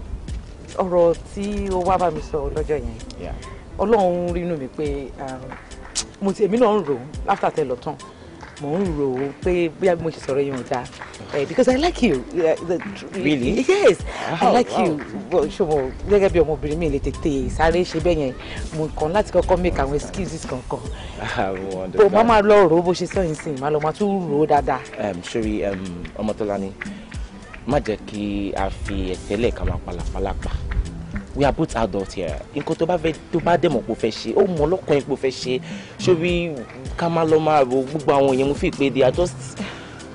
ọ̀rọ̀ tí ó wá bá mi sọ lọ́jọ́ yẹn ọlọ́run rínú mi pé um, mo ti èmi náà ń rò ó after tẹ lọ tán mo ń rò ó pé bóyá mo ṣe sọ̀rọ̀ yẹn ò dáa eh, because I like you. Uh, the, really? Yes, wow, I like wow. you. ṣùgbọ́n gẹ́gẹ́ bí ọmọbìnrin mi lè tètè sáré ṣe bẹ́ẹ̀ yẹn mo kàn láti kọ́kọ́ make àwọn excuses kankan. Ah, bó o máa lọ rò ó bó ṣe sọ yìí sìn máa lọ máa tún rò ó dáadáa. Um, sori ọmọ tó lani má jẹ́ kí a fi ẹ̀tẹ́lẹ̀ ká máa Pa we are both adults here nǹkan tó bá fẹ́ tó bá dẹ̀ mọ̀ pé o fẹ́ ṣe ó mọ̀ ọlọ́kàn yẹn pé fẹ́ ṣe ṣóbi ká má lọ máa ro gbogbo àwọn èèyàn mo fi pé they are just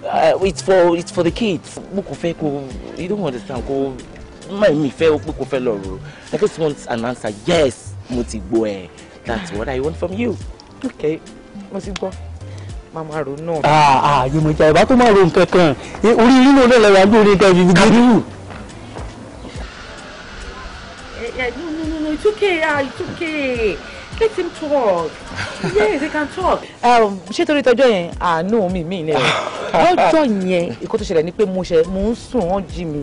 uh, it's for it's for the kids mo kò fẹ́ kó you don't understand kó má mi fẹ́ o pé kò fẹ́ lọ ro I just want an answer yes mo ti gbọ́ ẹ that's what I want from you. okay mo ti gbọ́ màmá ro náà. àà ah, àyè ah, mo jà ìbá tó máa ro nǹkan kan orí yín ló lè lọ́wọ́ àgbóore dẹ́bi gígùn yeah, no, no, no, no, it's okay, ah, it's okay. Let him talk. yes, he can talk. Um, ṣé torí tọjọ́ yẹn àánú mi mí ilé rẹ̀ lọ́jọ́ yẹn ìkó tó ṣẹlẹ̀ ni pé mo ṣe mo ń sùn wọ́n jí mi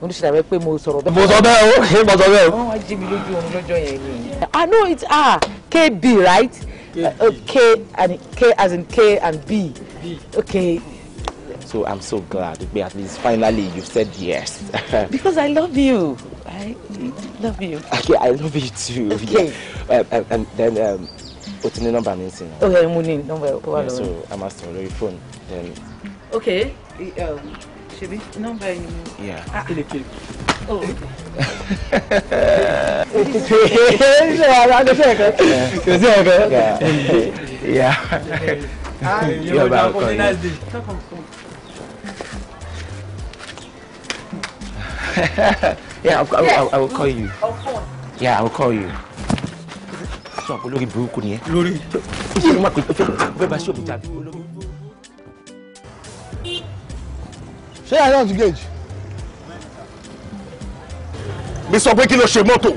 mo ní ṣàlàyé pé mo sọ̀rọ̀ bẹ́ẹ̀. mo sọ bẹ́ẹ̀ o ṣé mo sọ bẹ́ẹ̀ o. wọ́n wá jí mi lójú oorun lọ́jọ́ yẹn ni. I know it's ah KB right uh, K and K as in K and B. Okay. So I'm so glad at least finally you said yes. Because I love you. I love you. Okay, I love you too. Okay. Yeah. Um, and um, um, then, um, what's the number I'm missing? Okay, mo number ẹ̀ So, I'm asked for your phone. Then. Okay. E, um, ṣebí number ẹ̀ ni. Yeah. Ah. Oh. yeah. yeah. Ah, you're welcome. Nice day. Come on, come on. Yeah, I'll, I'll, I'll, I will call you. I'll phone. Yeah, I will call you. So, I'm lórí burúkú ni ẹ. Lórí. Ṣé o máa pè é bẹ́ẹ̀ bá ṣòwò tàbí olómi? Ṣé yàrá náà ti gèjì? Mi sọ pé kí ló ṣe mọ́tò.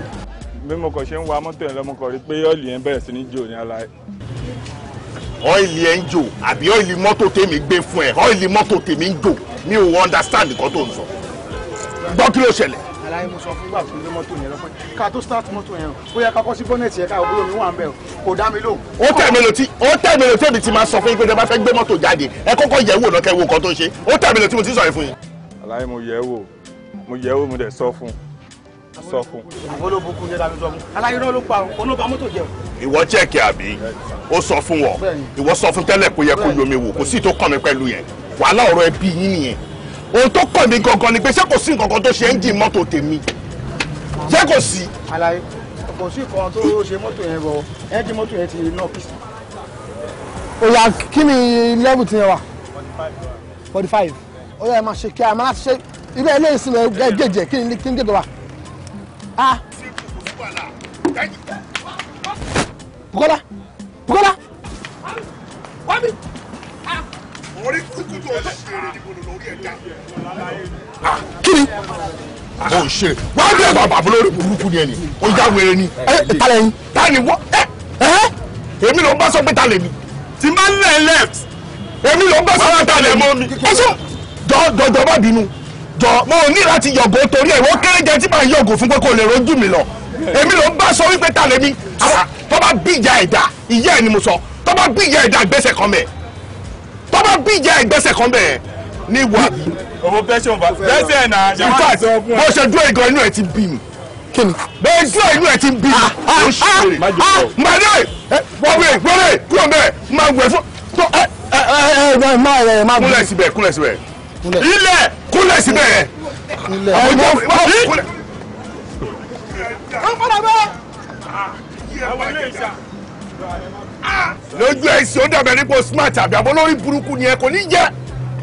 Bí mo kàn ṣe ń wa mọ́tò yẹn lọ́mọ kan rí pé ọ́ìlì yẹn bẹ̀rẹ̀ sí ní jò ní aláì. Ọ́ìlì yẹn ń jò àbí ọ́ìlì mọ́tò tèmi gbé fún ẹ, ọ́ìlì understand nǹkan tó ń sọ. Gbọ́ kí ló láyé mo sọ fún gbà fún ilé mọ́tò yẹn lọ́pẹ́ ká tó start mọ́tò yẹn o yẹ ká kọ́ sí bọ́nẹ̀tì yẹn ká òbúrò mi wà ń bẹ̀ kò dá mi lóhùn. ó tẹ̀ mí létí ó tẹ̀ mí létí èmi ti máa sọ fún yín pé tẹ bá fẹ́ gbé mọ́tò jáde ẹ kọ́kọ́ yẹ̀ wò lọ́kẹ́ wo nǹkan tó ń ṣe ó tẹ̀ mí létí mo ti sọ yẹn fún yín. aláyé mo yẹ̀ wò mo yẹ̀ wò mo dẹ̀ sọ fún sọ fún. pa òun ló ba mọ́tò jẹ ìwọ jẹ́ẹ̀kì àbí ó sọ fún wọ ìwọ sọ fún tẹ́lẹ̀ kó yẹ kó yomi wò kò sí tó kàn mí pẹ̀lú yẹn wàhálà ọ̀rọ̀ ẹbí yín nìyẹn ohun tó kọ̀ mí gangan ni pé ṣé kò sí nǹkan kan tó ṣe ẹ́ńjìn mọ́tò tèmi ṣé kò sí. àlàyé kò sí nǹkan tó ṣe mọ́tò yẹn bọ̀ ẹ́ńjìn mọ́tò yẹn ti náà kì í. òyà kí ni level ti yẹn wà. forty five ó yẹ máa ṣe kí a máa ṣe ilé ilé ìsinmi ẹ gèjè kí ni kí ni gèjè wa. Bukola Bukola orí kúkú tó ṣeré níbo lórí ẹ̀dá. kí ni mo ah. ń ṣeré wàá bí ẹgbà bàbá lórí burúkú ni ẹni ó já wèrè ni ẹ ta lẹ́yìn ta ni wọ ẹ ẹ èmi ló ń bá sọ pé ta lè mi. ti máa ń lẹ̀ left. èmi ló ń bá sọ pé ta lè mi. ẹ sọ jọ jọ bá bínú jọ mo ní láti yọ̀gò torí ẹ̀ wọ́n kéré jẹ tí màá yọ̀gò fún pé kò lè rojú mi lọ èmi ló ń bá sọ wípé ta lè mi tó bá bíjà ẹ̀dá ìyá ẹ̀ ni mo sọ tó bá bíjà ẹ̀dá gbèsè kan mẹ́ẹ̀ bàbá bíjà ìgbésẹ̀ kan bẹ́ẹ̀ ní wà. owó pẹ́sẹ̀ ọba pẹ́sẹ̀ náà. in fact bó ṣe dúró igan inú ẹ̀ ti bí mi. kíni. bẹ́ẹ̀ dúró inú ẹ̀ ti bí mi. ó ṣe màdé wọ́pẹ́ wọ́pẹ́ kúrò bẹ́ẹ̀ máa wẹ̀ fún. ẹ ẹ ẹ ẹ máa ẹ máa bú. kúnlẹ̀ síbẹ̀ kúnlẹ̀ síbẹ̀. ilẹ̀ kúnlẹ̀ síbẹ̀. ilẹ̀ kúnlẹ̀. ọ̀pọ̀lọpọ̀ lójú ẹsẹ̀ ó dàbẹ̀ nípò smart àbí àbọ̀ lórí burúkú ni ẹ kò ní jẹ́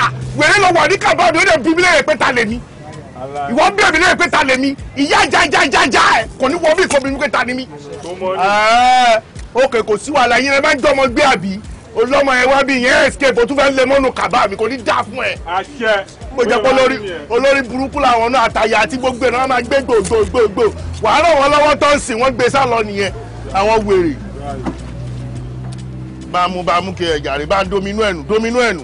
ah, wẹ́rẹ́ lọ wà ní kàbá mi ó dẹ̀ bí mi lẹ́yìn pé ta lèmi ìwọ ń bẹ̀ mí lẹ́yìn pé ta lèmi ìyá jajajaja ẹ kò ní wọ bí kò bí mi pé ta ni mi. Ah, ok kò sí wàhálà yín ẹ máa ń jọmọ gbé àbí olọmọ ẹ wá bí ìyẹn escape o tún fẹ́ lé mọ́nù kàbá mi kò ní dá fún ẹ. àṣẹ mo jẹ́ pé olórí burúkú làwọn náà àtàyà àti gbogbo ẹ̀ náà máa gbé gbòògbòògbò wàá ràn wọ́n lọ́wọ́ tó ń sìn wọ́n gbé sá lọ nìyẹn àwọn wèrè bá mú bá mú kí ẹ̀jà rẹ̀ bá ń dominú ẹ̀nu dominú ẹ̀nu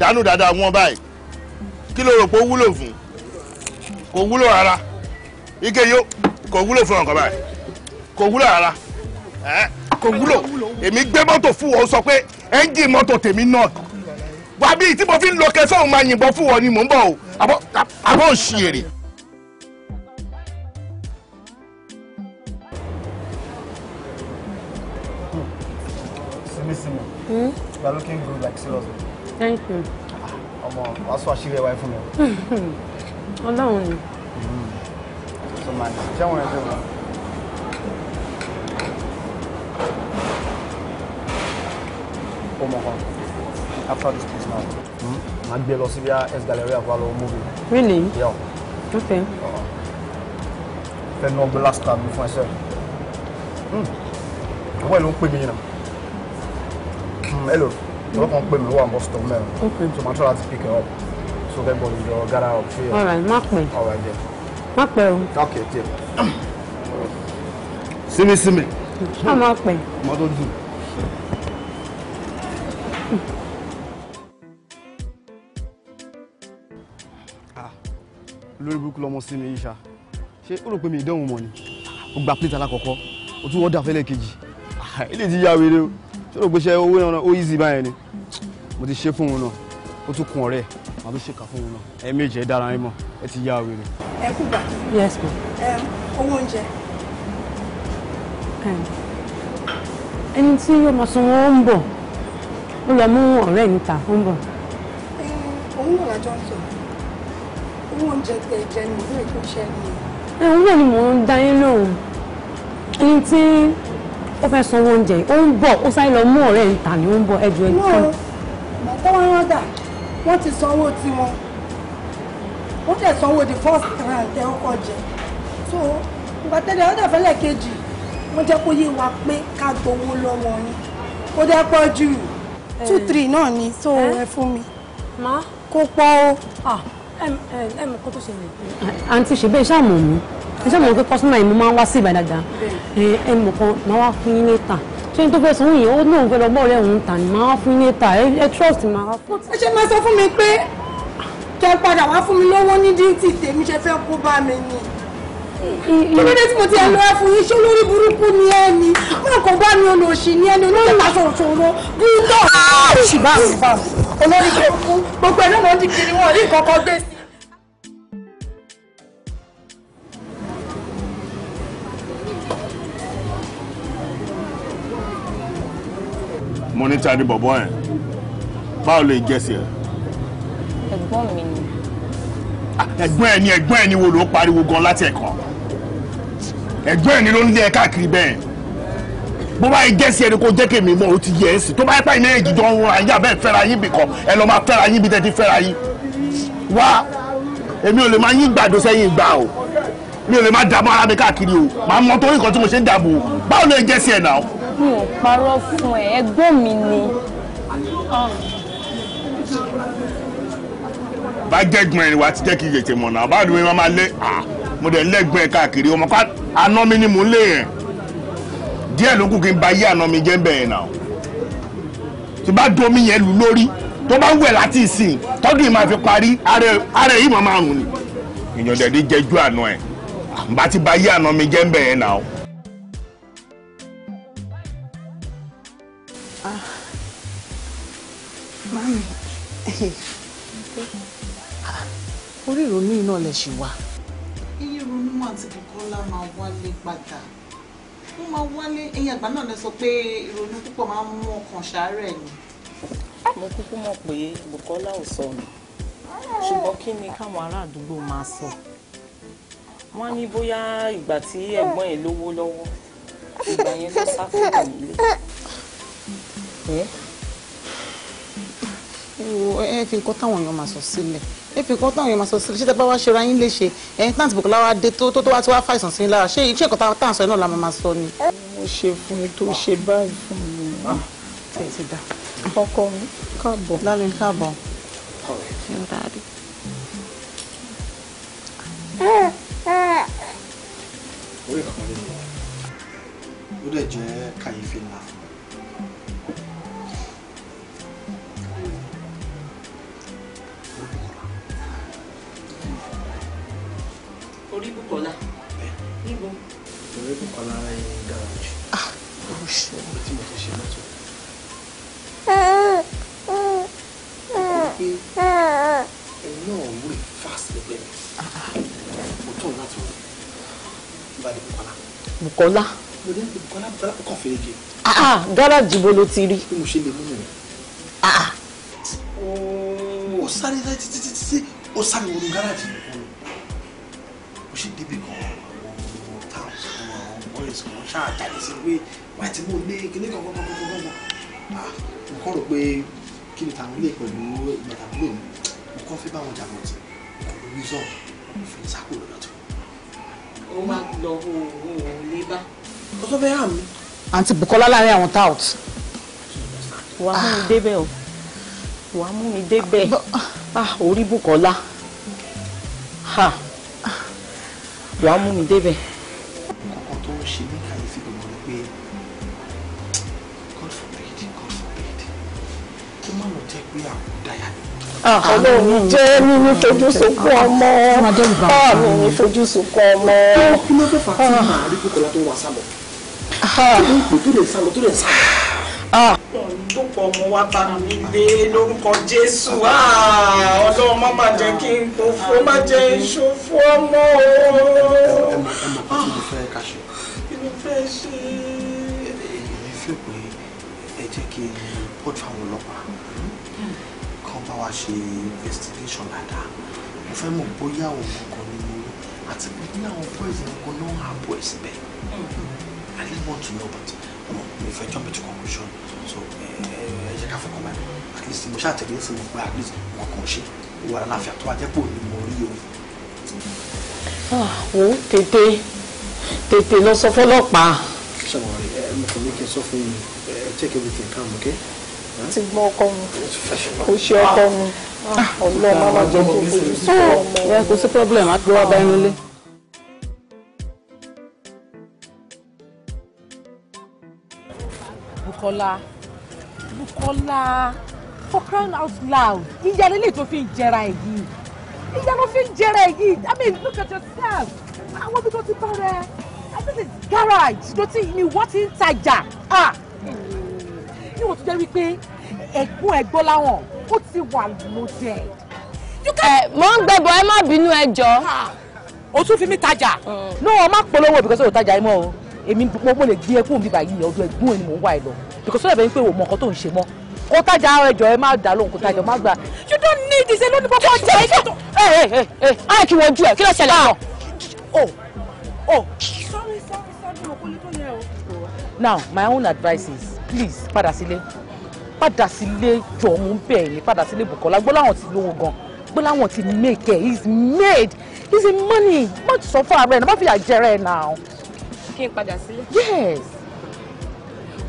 dànù dáadáa wọn báyìí kí ló rò pé ó wúlò fún kò wúlò rárá ike yó kò wúlò fún ọkàn báyìí kò wúlò rárá kò wúlò èmi gbé mọ́tò fún ọ sọ pé ẹ́ńjìn mọ́tò tèmi náà wà tí mo fi ń lo kẹsàn-án máa yìnbọn fún ọ ni mò ń bọ̀ o àbọ̀ òṣìṣẹ́ rẹ̀. Hmm? you are looking good like seriously. thank you. ọmọ wàá sọ àṣírí ẹwà ẹ fún mi. ọlọ́run ni. Hmm. so man ṣé wọn ẹ ṣe wọn. ó mọ̀ kan after this place now hmm? màá gbé e lọ sí bí s galleria kó a movie. really yeah. okay. fẹ́ nu ọgbẹ́ last time fún ẹsẹ̀ ọwọ́ ẹ̀ ló ń pè Um, hello. Mm-hmm. Welcome to my one bus Okay. So my try to pick her up. So boy everybody just gather up here. All right, mark me. All right then. Mark me. Okay, dear. See me, see me. Come mark me. What do you do? lórí burúkú lọmọ sí mi yìí ṣá ṣé ó rò pé mi ìdánwò mọ ni ó gba plate alákọ̀ọ́kọ́ ó tún wọ́n dà fẹ́lẹ̀ kejì ah, ilé ti yá wéré o ṣé o gbèsè owó náà ó easy báyẹn ni mo ti ṣe fún òun náà ó tún kun ọ̀rẹ́ màá tún ṣèkà fún òun náà ẹ méje dára ẹ mọ ẹ ti yá wèrè. ẹ kú gbà. yes ma. owó oúnjẹ. ẹni tí yóò máa sanwó ó ń bọ̀ ó lọ mú ọ̀rẹ́ níta ó ń bọ̀. òun náà lájọ ń sọ owó oúnjẹ tẹ jẹ ní ìlú èkó ṣẹ́ ni. ẹ òun náà ni mò ń dá yín lóhùn ẹni tí ó fẹ́ sanwó oúnjẹ ó ń bọ̀ ó sáré lọ mú ọ̀rẹ́ ìta ni ó ń bọ̀ ẹjọ́ ẹjọ́. wọ́n mọ̀ tó wọ́n rán dà wọ́n ti sanwó tiwọn wọ́n tẹ̀ sanwó the first round tẹ ọkọ̀ jẹ so ìgbà tẹ́lẹ̀ ọ̀dà fẹ́lẹ̀ kejì wọ́n jẹ́ kó yé wa pé ká gbowó lọ́wọ́ yín kó dẹ́ pọ̀ jù eh. two three náà ni so eh? ẹ fún mi kó pọ̀ o. ẹ ẹ mọ kó tó ṣe lè. àǹtí ṣe bẹ́ẹ̀ ṣáà mọ̀ mí iṣẹ́ mi ò pé kọ́sọ́mà yìí mo máa ń wá sí ìbàdàgbà ẹ mọ̀ kan máa wá fún yín níta tí n tó fẹ́ sanwó yìí ó ní òun fẹ́ lọ bọ́ọ̀lù ẹ̀hún ta ni máa wá fún yín níta ẹ trust máa wá fún. ẹ ṣe máa sọ fún mi pé kẹ padà wá fún mi lówó ní díǹtì tèmi ṣe fẹ́ kó bá mi ni kí ló dé tí mo ti ẹ lọ ẹ fún yín ṣé olórí burúkú ni ẹ ni wọn kò bá mi olóòṣì ni ẹ ni oníkàtà ṣòṣòro bíi náà ṣì bá mi bá mi olórí burúkú gbogbo ẹ náà ló ń di kiri wọn rí nǹkan kan gbé mo ní tani bọ̀bọ̀ yẹn báwo lè gẹ̀ẹ́sì ẹ̀. ẹ̀gbọ́n mi ni. Ah, ẹ̀gbọ́n ẹ̀ ni ẹ̀gbọ́n ẹ̀ ni wo ló pariwo gan láti ẹ̀kọ́ ẹ̀gbọ́n ẹ̀ ni ló ń lé ẹ káàkiri bẹ́ẹ̀ bó bá yẹ gẹ̀ẹ́sì ẹni kó jẹ́ kí èmi mọ̀ ó ti yẹ ẹ́ sí tó bá yẹ pa ìmọ̀ èjì dán wọn àyà bẹ́ẹ̀ fẹ́ra yín bì ẹ lọ máa fẹ́ra yín bí tẹ́tí fẹ́ra yín wá èmi ò lè máa yín gbàdo sẹ́yìn gbà o mi ò lè máa dààmú ara mi káàkiri o màá mọ torí nǹkan tí mo ṣe ń dààmú o báwo ló yẹ gẹ̀ẹ́sì ẹ̀ náà mi ò parọ́ fún ẹ ẹgbẹ́ mi ni. bá jẹ́gbọ́n ẹni wá ti jẹ́ kí tètè mọ̀nà àbáàdùn mi máa lé mo dẹ̀ lẹ́gbọ́n ẹ káàkiri ọmọ ká aná mi ni mò ń lé yẹn díẹ̀ ló kù kí n ba yé aná mi jẹ́ ń bẹ̀rẹ̀ náà tí bá dùn omi yẹn lù lórí tó bá wẹ̀ láti ìsìn tọ́dún yìí máa fi parí ara yìí máa rùn ni èèyàn dẹ̀ jẹ́jú àná ẹ̀ àbá ti ba yé aná mi jẹ́ ń bẹ̀rẹ̀ náà. orí ìrònú iná lẹ ṣì wà. iye ìrònú mà ti Bùkọ́lá máa wálé padà ó máa wálé ẹ̀yin àgbà náà lẹ sọ pé ìrònú púpọ̀ máa ń mú ọkàn ṣàárẹ̀ ni. mo kúkú mọ̀ pé Bùkọ́lá ò sọnù ṣùgbọ́n kí ni káwọn ará àdúgbò máa sọ wọ́n ní bóyá ìgbà tí ẹ̀gbọ́n ẹ̀ lówó lọ́wọ́ ìgbà yẹn ló sá fún ìdílé ẹ fi nǹkan táwọn èèyàn máa sọ sílẹ̀ efi kan táwọn èèyàn máa sọ ṣe tẹ́pẹ́ wá ṣera yín léṣe ẹ̀yin táǹtì bùkún láwa dé tó tó wá tí wá fàìsàn sí lára ṣé iṣẹ́ ìkọ́ta táà sọ náà la máa sọ ni. mo ṣe fún mi tó ṣe báyìí fún mi. Ah, tẹ̀ ti dà. ọkọ mi káàbọ̀. lálẹ́ káàbọ̀. ó dẹ̀ jẹ́ kàyéfì náà. orí Bùkọ́lá níbo. orí Bùkọ́lá ní ah, ó ṣe é tí mo ti ṣe mọ́tò. pé ẹ̀yin náà wò lè fast lẹ́gbẹ̀ẹ́ mi mo tọ̀ láti wò bá di Bùkọ́lá. Bùkọ́lá. mo ní àti Bùkọ́lá Bùkọ́lá kò kàn fèrègé. Ah, ah, gàràjì bo ló ti rí. bí mo ṣe lè mú mi. Ah, ó sáré títí títí ó sáré wọnú gàràjì ṣe débi kan àwọn towns àwọn àwọn boys kan ṣáà jáde sí pé wáyé tí mo lé kíní kan gbọ́gbọ́ gbọ́gbọ́ ah, mo kọ́ rò pé kí ni tàwọn lè pẹ̀lú ìgbà tàwọn mo kọ́ fẹ́ bá wọn jàpọ̀ tí mo lórí zọ́ọ̀ mo fi sáko lọ́dọ̀ tó. ó máa lọ òun òun lé bá. ó sọ fẹ́ hàn mí. àǹtí Bùkọ́lá láàrin àwọn towns. wàá mú mi débẹ̀ o wàá mú mi débẹ̀ ah, orí Bùkọ́lá wà á mú mi débẹ̀. kókó tó ń ṣe ní kàyéfì gbogbo ni pé God forbid God forbid kó má lọ jẹ́ pé àkúdáyà ni. Ah, Ọlọ́run jẹ́ mímí fojú sunkún ah, ọmọ mímí ah, fojú sunkún ọmọ. kí ló fẹ́ fà á tí màá rí kókó la wà sálọ. tó lè sálọ tó lè sálọ dúpọ̀ ọmọ wa bá mi lé lórúkọ Jésù ọlọ́run má má jẹ́ kí n pòfó má jẹ́ ìṣòfò ọmọ o. pọ́jú àwọn ọlọ́pàá kan bá wa ṣe investigation dáadáa mo fẹ́ mọ̀ bóyá òun kankan ni àti pé ní àwọn boys yẹn kan náà àbọ̀ ẹ̀ síbẹ̀ I just want to know about it mo fẹ́ jump to conclusion so eh, ẹ jẹ́ ká fọkàn báyìí at least mo ṣàtẹ̀lé sí mo pé at least wọn kàn ṣe wà láàfíà tó wá jẹ́ pò ní mo rí o. Ah, wo tètè tètè lọ sọ fọlọ́pàá. ṣàwọn ẹ mo kàn ní kí n sọ fún mi take everything calm okay. ti gbọ́ ọkọ mi kò ṣe ọkọ mi ọlọ́ọ̀ máa ma jẹ́ kó fojú sí ọmọ. kò sí problem á gbé wá bá ẹnu lé. Bukola Bukola for crying out loud ìyá lélẹ̀ tó fi ń jẹra èyí ìyá ló fi ń jẹra èyí I mean look at yourself àwọn ibi tó ti bá rẹ this is garage ló ti ni wọ́n ti ń tajà ah níwọ̀n tó jẹ́ wípé ẹ̀gbọ́n ẹ̀gbọ́n láwọn ó ti wà lóde. Eh, mo ń gbẹ̀bọ̀ ẹ má bínú ẹ jọ. o tún fi mí tajà. náà ọ má polówó bí kò sóò tajà ẹ mọ́ o èmi mo lè gbé ẹkún mi báyìí ọdún ẹ̀gbọ́n ẹ ni mò ń wá ẹ lọ because ó dàbẹ̀ ń pè wò mọ̀ ọkọ tó ń ṣe mọ́ kó tájà ẹjọ́ ẹ má dà lóhùn kó tájà má gbà. you don't need this alone bọ́bọ́ ọjọ́ ẹ ṣètò. ẹ ẹ ẹ ayé kí wọ́n ju ẹ kí ló ṣẹlẹ̀ náà. Ah. o oh. oh. o. now my own advice is please padà sílé padà sílé jọ̀hún bẹ́ẹ̀ ni padà sílé Bùkọ́lá gbọ́ láwọn ti lówó gan gbọ́ láwọn ti make it is made he is money má sọ fún ara ẹ̀ náà má fi àjẹrẹ́ náà. kí n padà sílé. yes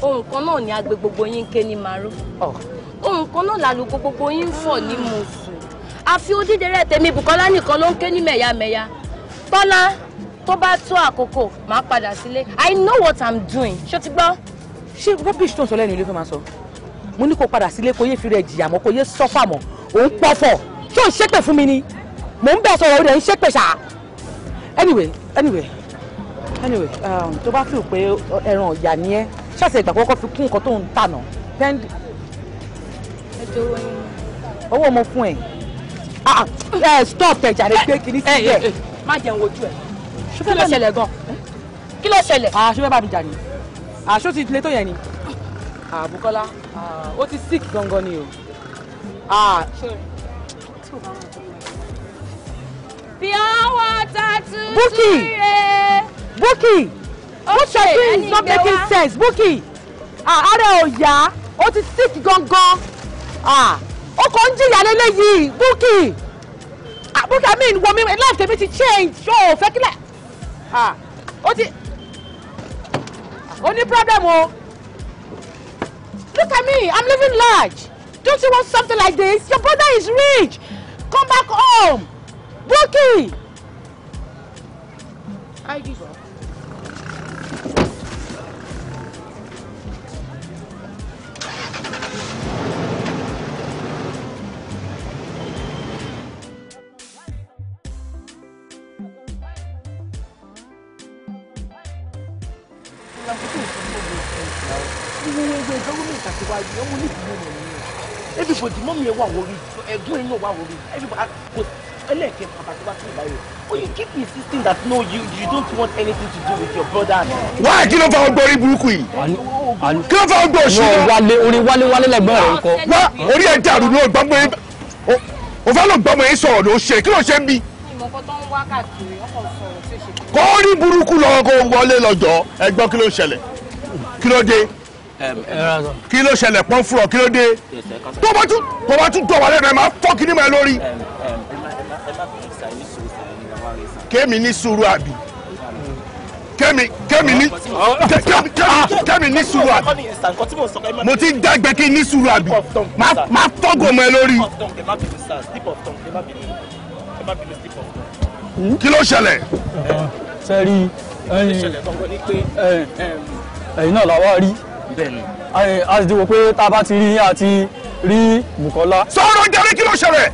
ohun kan náà ni agbe gbogbo yín ké ní maro oh. ohun kan náà làlùkò gbogbo yín fọ̀ ní mùsù àfi odídẹrẹ tèmi Bùkọ́lá nìkan ló ń ké ní mẹ̀yàmẹ̀yà Tọ́lá tó bá tó àkókò máa padà sílé I know what I'm doing ṣó ti gbọ́. ṣé rubbish tó ń sọ lẹ́nu ilé fẹ́ máa sọ mo ní kó padà sílé kó yé fi rẹ̀ jìyà mọ́ kó yé sọ́fà mọ́ òun pọ̀fọ̀ ṣé òun ṣépè fún mi ni mò ń bẹ̀ sọ̀rọ̀ òun rẹ̀ ń ṣépè ṣá anyway anyway anyway um, tó bá fìlù pé ẹran ọ̀yà ni ẹ ṣàṣẹ ìgbà kọ́kọ́ fi kún nǹkan tó ń tà nà pẹ́ndì. owó mo fún ẹ ah, ah, eh, stop ẹ jàre gbé kiri eh, sílẹ̀. Eh, má jẹun ojú ẹ kí ló ṣẹlẹ̀ gan kí ló ṣẹlẹ̀. aṣọ ah, bẹ́ẹ̀ bá mi jà ni aṣọ ti le tó yẹn ni àbúkọ́lá ó ti sick gangan ni o. Bí àwọn tatu tún rè Bukky what you are doing is not making sense Bukky ah, ò yá ó ti sick gangan ó kàn ń jìyà lélẹ́yìí Bukky Bukky I mean wọ́n life tèmi ti change ṣó o fẹ́ kílẹ̀ ti ó ní problem o look at me I'm living large don't you want something like this your brother is rich come back home Bukky. I give up. gbogbo gọ́ọ̀mẹ̀ntì àtiwájú ọmọ onídìbò mọ̀ nìyẹn everybody mọ́mí ẹ̀ wà wọ̀rí ẹ̀gbọ́n ẹ̀ náà wà wọ̀rí everybody ẹlẹ́ẹ̀kẹ́ pàtàkì wá ìbáyọ̀ oh you keep insisting that no you you don't want anything to do with your brother. wá kí ló fa ọgbọ́n orí burúkú yìí kí ló fa ọgbọ́n òṣù yìí. wálé orin wálé wálé lẹ́gbọ́n rẹ̀ ń kọ́. wá orí ẹ̀ dàrú ló gbọ́mọ̀ yín o fẹ́ lọ gbọ́mọ̀ yín sọ̀rọ̀ ló ṣe kí ló ṣe ń bí. kọ́ orí burúkú lọ́wọ́ kó wọlé lọ́jọ́ ẹgbọ́n kí ló ṣẹlẹ̀ kí ló dé Um, kí ló ṣẹlẹ̀ pọ́n fún ọ kí ló dé tó bá tún tó bá tún tọ̀ wá lẹ́nu ẹ̀ máa fọ́ kíní mọ́ ẹ lórí. kémi um, um, ní sùúrù àbí kémi kémi ní kémi ah, ní sùúrù àbí mo ti dàgbẹ́ kí ní sùúrù àbí máa fọ́gò mọ́ ẹ lórí. kí ló ṣẹlẹ̀. sẹ́rí ẹ̀yin náà làwa rí a sì ti wò pé tá a bá ti rí yín àti rí Bùkọ́lá. sọ̀rọ̀ jàre kí ló ṣẹlẹ̀.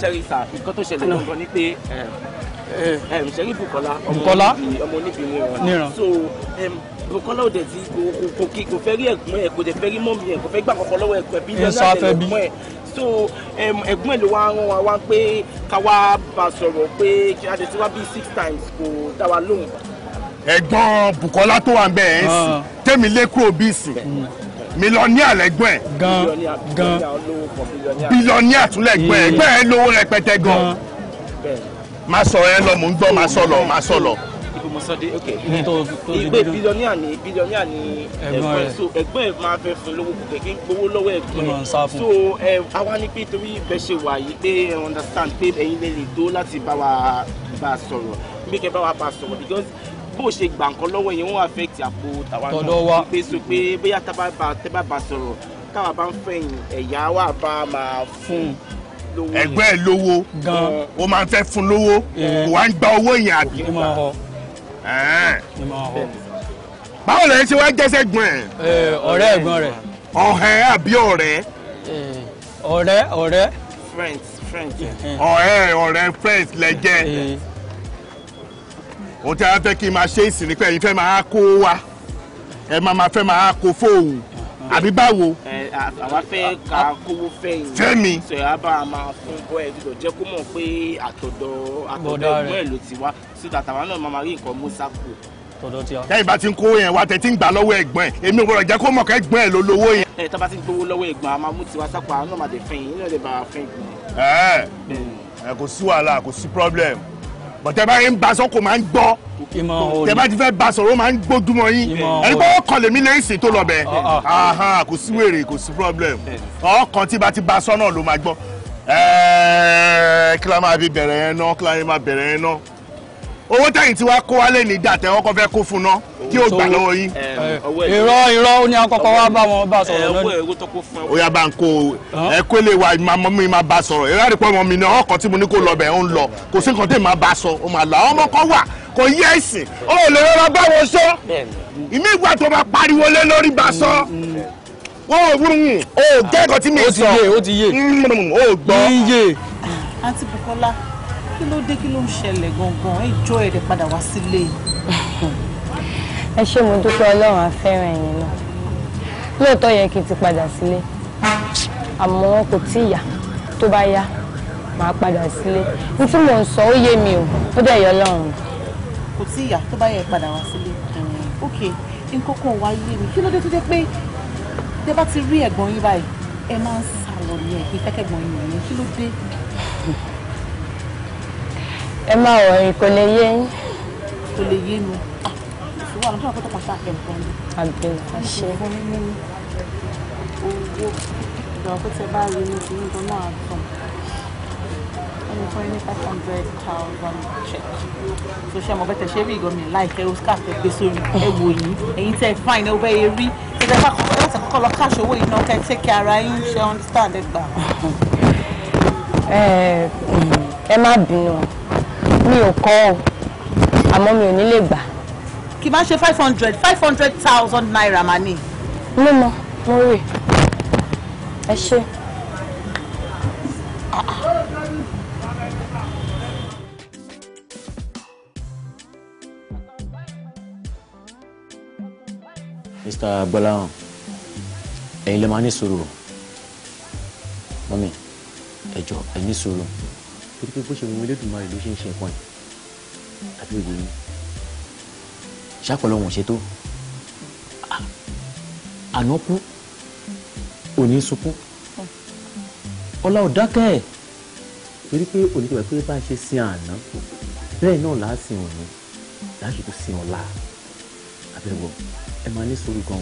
sẹ́rí sà nǹkan tó ṣẹlẹ̀ lọ́gbọ̀n ni pé sẹ́rí Bùkọ́lá ọmọ oníbi ni wọn so Bùkọ́lá ò dẹ̀ ti kò kí kò fẹ́ rí ẹ̀gbọ́n ẹ̀ kò dẹ̀ fẹ́ rí mọ́mí ẹ̀ kò fẹ́ gbà kọ́kọ́ lọ́wọ́ ẹ̀kọ́ ẹ̀bí lọ́sẹ̀ ẹ̀gbọ́n ẹ̀ so ẹ̀gbọ́n ẹ̀ ló wá rán wa wá pé ká wá bá sọ̀rọ̀ pé kí a dẹ̀ ti wá bí six times kò dá wa lóhùn. ẹ̀gbọ́n Bùkọ́lá tó wà ń bẹ̀ ẹ̀ ń pé lé kúrò bí mílíọ̀nìà lẹ́gbọ́n ẹ̀. gan gan bílíọ̀nìà tún lẹ́gbọ́n ẹ̀ ẹgbẹ́ ẹ lówó rẹpẹtẹ gan. má sọ ẹ lọ mò ń gbọ́ má sọ lọ má sọ lọ. ìgbé bílíọ̀nìà ni bílíọ̀nìà ni ẹ̀gbọ́n máa fẹ́ fún lówó kò kí gbowó lọ́wọ́ ẹ̀gbọ́n ẹ̀ so ẹ̀ ni pé torí bẹ́ẹ̀ ṣe wà yìí pé ẹ̀ understand pé ẹ̀yin lè lè tó láti bá wa bá a sọ̀rọ̀ bó ṣe gbà nǹkan lọ́wọ́ yẹn wọ́n affect àpò tàwa náà pé so pé bóyá tábà bá sọ̀rọ̀ táwa bá ń fẹ̀yìn ẹ̀yà wà bá máa fún un ẹgbẹ́ ẹ̀ lówó o máa fẹ́ fún lówó kò wá ń gba owó yẹn àbí. báwo lẹ́yìn ṣe wá jẹ́sẹ̀ gbọ́n ẹ̀. ọ̀rẹ́ ẹ̀gbọ́n rẹ̀. ọ̀hẹ́ àbí ọ̀rẹ́. ọ̀rẹ́ ọ̀rẹ́. friends friends. ọ̀rẹ́ ọ̀rẹ́ friends lẹ́jẹ̀ ohun tí a fẹ́ kí n máa ṣe ìsìn ni pé ẹ̀yin fẹ́ máa kó wa ẹ máa máa fẹ́ máa kó fóònù àbí báwo. ẹ àwa fẹ́ ka kówó fẹ́ yìí. fẹ́mi. sọ yà bá a máa fún bọ́ ẹ dúdọ̀ jẹ́ kó mọ̀ pé àtọ̀dọ̀ àtọ̀dọ̀ ẹ̀gbọ́n ẹ̀ ló ti wá sí tàtàwá náà máa rí nǹkan mọ́sá kù. tọ̀dọ̀ ti ọ. lẹ́yìn bá ti ń kó yẹn wá tẹ̀ tí ń gbà lọ́wọ́ ẹ̀gbọ́n ẹ̀ èmi ò gbọ́dọ̀ jẹ́ kó mọ̀ kẹ́ gbọ́n ẹ̀ ló lówó yẹn. ẹ tá bá ti ń gbowó lọ́wọ́ ẹ̀gbọ́n a máa mú tiwa sápò àwọn náà máa dẹ̀ fẹ́ yín náà lè bá bọ̀tẹ́ bá ń basọ́ kò máa ń gbọ́ tẹ́ bá ti fẹ́ basọ̀ ó máa ń gbójúmọ́ yín ẹni pé ọkàn lèmi lẹ́yìn sí tó lọ bẹ̀ ah, ah, ah. kò sí wèrè kò sí problem ọkàn tí bá ti basọ́ náà ló máa gbọ́ kí la máa fi bẹ̀rẹ̀ yẹn ná kí la máa bẹ̀rẹ̀ yẹn ná owó tẹ̀yìn tí wàá kó wálé ní dàtẹ́ ọkọ̀ fẹ́ kó fún náà tí ó gbà lọ́wọ́ yín. irọ́ irọ́ ó ní akọ́kọ́ wá bá wọn bá sọ̀rọ̀ lónìí. ó yá bá ń kó ẹ kó lè wa mọ mi máa bá sọ̀rọ̀ ìrẹ́ àdìpọ̀ ọmọ mi ni ọkọ̀ tí mo ní kó lọ bẹ̀ ń lọ kò sí nǹkan tí màá bá sọ ó máa lọ àwọn ọmọ kan wà kò yẹ ẹ̀sìn ó lè rọra bá wọn sọ ìmí ìgbà tó máa pariwo lé lórí bá sọ ó wúrun ó gẹ́gọ̀ tí mi sọ ó ti yé mm, ó gbọ́. àǹtí Bùkọ́lá kí ló dé kí ló ń ṣẹlẹ̀ gangan ẹjọ́ ẹ̀rẹ̀ padà wá sílé yìí ẹ ṣé mo dúpẹ́ ọlọ́run afẹ́ràn ẹ̀yìn náà lóòótọ́ yẹ kí n ti padà sílé àmọ́ kò tí ì yá tó bá yá màá padà sílé n tí mò ń sọ ó yé mi o ó dẹ̀ yọ ọlọ́run. kò tí ì yá tó bá yẹ padà wá sílé ok nǹkan kan wá yé mi kí ló dé tó jẹ́ pé tẹ́ bá ti rí ẹ̀gbọ́n yín báyìí ẹ máa ń sàlọ̀ ní ẹ̀gbẹ́ kẹ́kẹ́gbọ́n yín nìyẹn kí ló dé. ẹ má wọ ìkọlẹ̀ yé yín. kò lè yé mi. Guarda, però cosa passare in fondo? Al pesce. No, queste basi mi sono tornato. E poi mi fa 100,000 check. So siamo per te, ṣé rí ìgò mi láìpẹ́ o scarf ẹ gbé sórí ẹ wò yìí. Ẹ̀yin tẹ́ ẹ fine ẹ bẹ́ẹ̀ rí. Ṣé ẹ bá kọ́kọ́ lọ cash owó yìí náà kẹ́ ẹ take ara yín ṣe understand ẹ gbà. Ẹ má bínú, mi ò kọ́ ọ, àmọ́ mi ò ní lè gbà kì máa ṣe five hundred five hundred thousand naira mà ní. mímọ mo rè ẹ ṣe. Mr. Gbọ́láhàn ẹ̀yin lè máa ní sùúrù mọ́mí ẹ̀jọ̀ ẹ̀ ní sùúrù torí pé bó ṣe mú Elédùmarè ló ṣe ń ṣe nǹkan yìí àbí òye yìí ṣàpọ̀lọ́hún ṣètò àná kú òní sunkún ọlá ò dákẹ́ ẹ̀ torí pé oníkẹ̀wé pé bá ṣe sin àná bẹ́ẹ̀ náà là á sin òní là á sì kò sin ọ̀la àbẹ̀wò ẹ máa ní sùúrù gan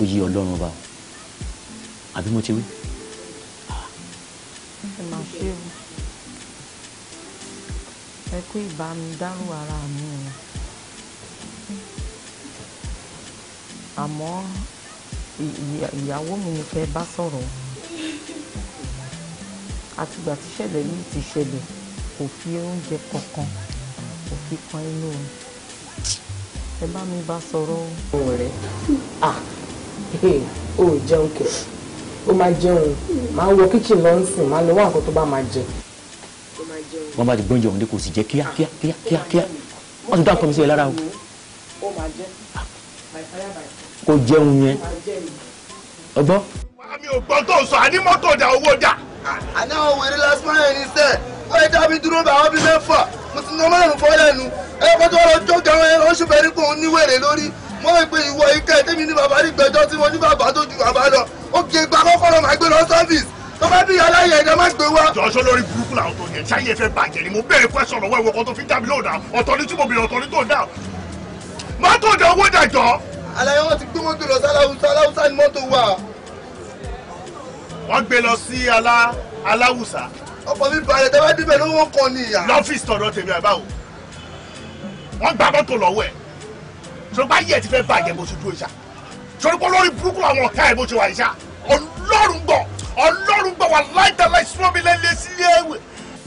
ó yí ọlọ́run ọba àbí mo ti wí. ẹ máa ṣe o ẹ kú ìbámu dárò ara mi o àmọ́ ìyàwó mi ni kẹ́ ẹ bá sọ̀rọ̀ àtìgbà tíṣẹ̀lẹ̀ yìí ti ṣẹlẹ̀ kò fi oúnjẹ kankan kò fi kan inú o ẹ bá mi bá sọ̀rọ̀ o. ọ̀rẹ́ ah o jẹun kẹ o máa jẹun máa wọ kíchìn lọ́nsìn máa lọ wá nǹkan tó bá máa jẹ wọ́n bá ti gbọ́njẹ òun dé kò sì jẹ́ kíá kíá kíá kíá kíá wọ́n ti dá nǹkan mi sí ẹ lára o kò jẹun yẹn ọgbọ́n. mi ò gbọ́ tó sọ àní mọ́tò ọ̀dà owó dà. àná àwọn wèrè lásán yẹn ní sẹ́ẹ̀ wọ́n ẹ dábí dúró bá wọn bí mẹ́fà mo ti ná márùn-ún fọ́lẹ́nu kó tó lọ jó gan ẹ lọ́sùn fẹ́ẹ́ nípò òun níwèrè lórí mo rò ìwọ ikẹ́ tèmi ní bàbá ní gbẹjọ́ tí mo ní bàbá tó ju bàbá lọ ó kì í gba kọ́kọ́rọ́ màá gbé lọ sọ́fíìsì tó bá bí aláyẹ ẹ̀dá má gbé wá. jọ̀ọ́ lórí burúkú làwọn tó yẹn ṣáyé fẹ́ bàjẹ́ ni mo béèrè question lọ́wọ́ ìwọ kan tó fi dá lóòdà ọ̀tọ̀ ni tí mo bèrè ọ̀tọ̀ ni tó dà má tó dà owó dà jọ. aláyẹ wọn ti gbé wọn gbé lọ aláwùsá ni mọ́tò wà. wọ́n gbé lọ sí alá aláwùsá. ọkọ mi balẹ̀ tẹ́ bá débẹ̀ ló wọ́n kàn ní ìyá. lọ́fíìsì tọ̀dọ̀ tèmi àbáwò wọ́n gbà ọlọ́run gbà wá láìdáláì sún mi lẹ́lẹ́ sílé ẹ̀wẹ̀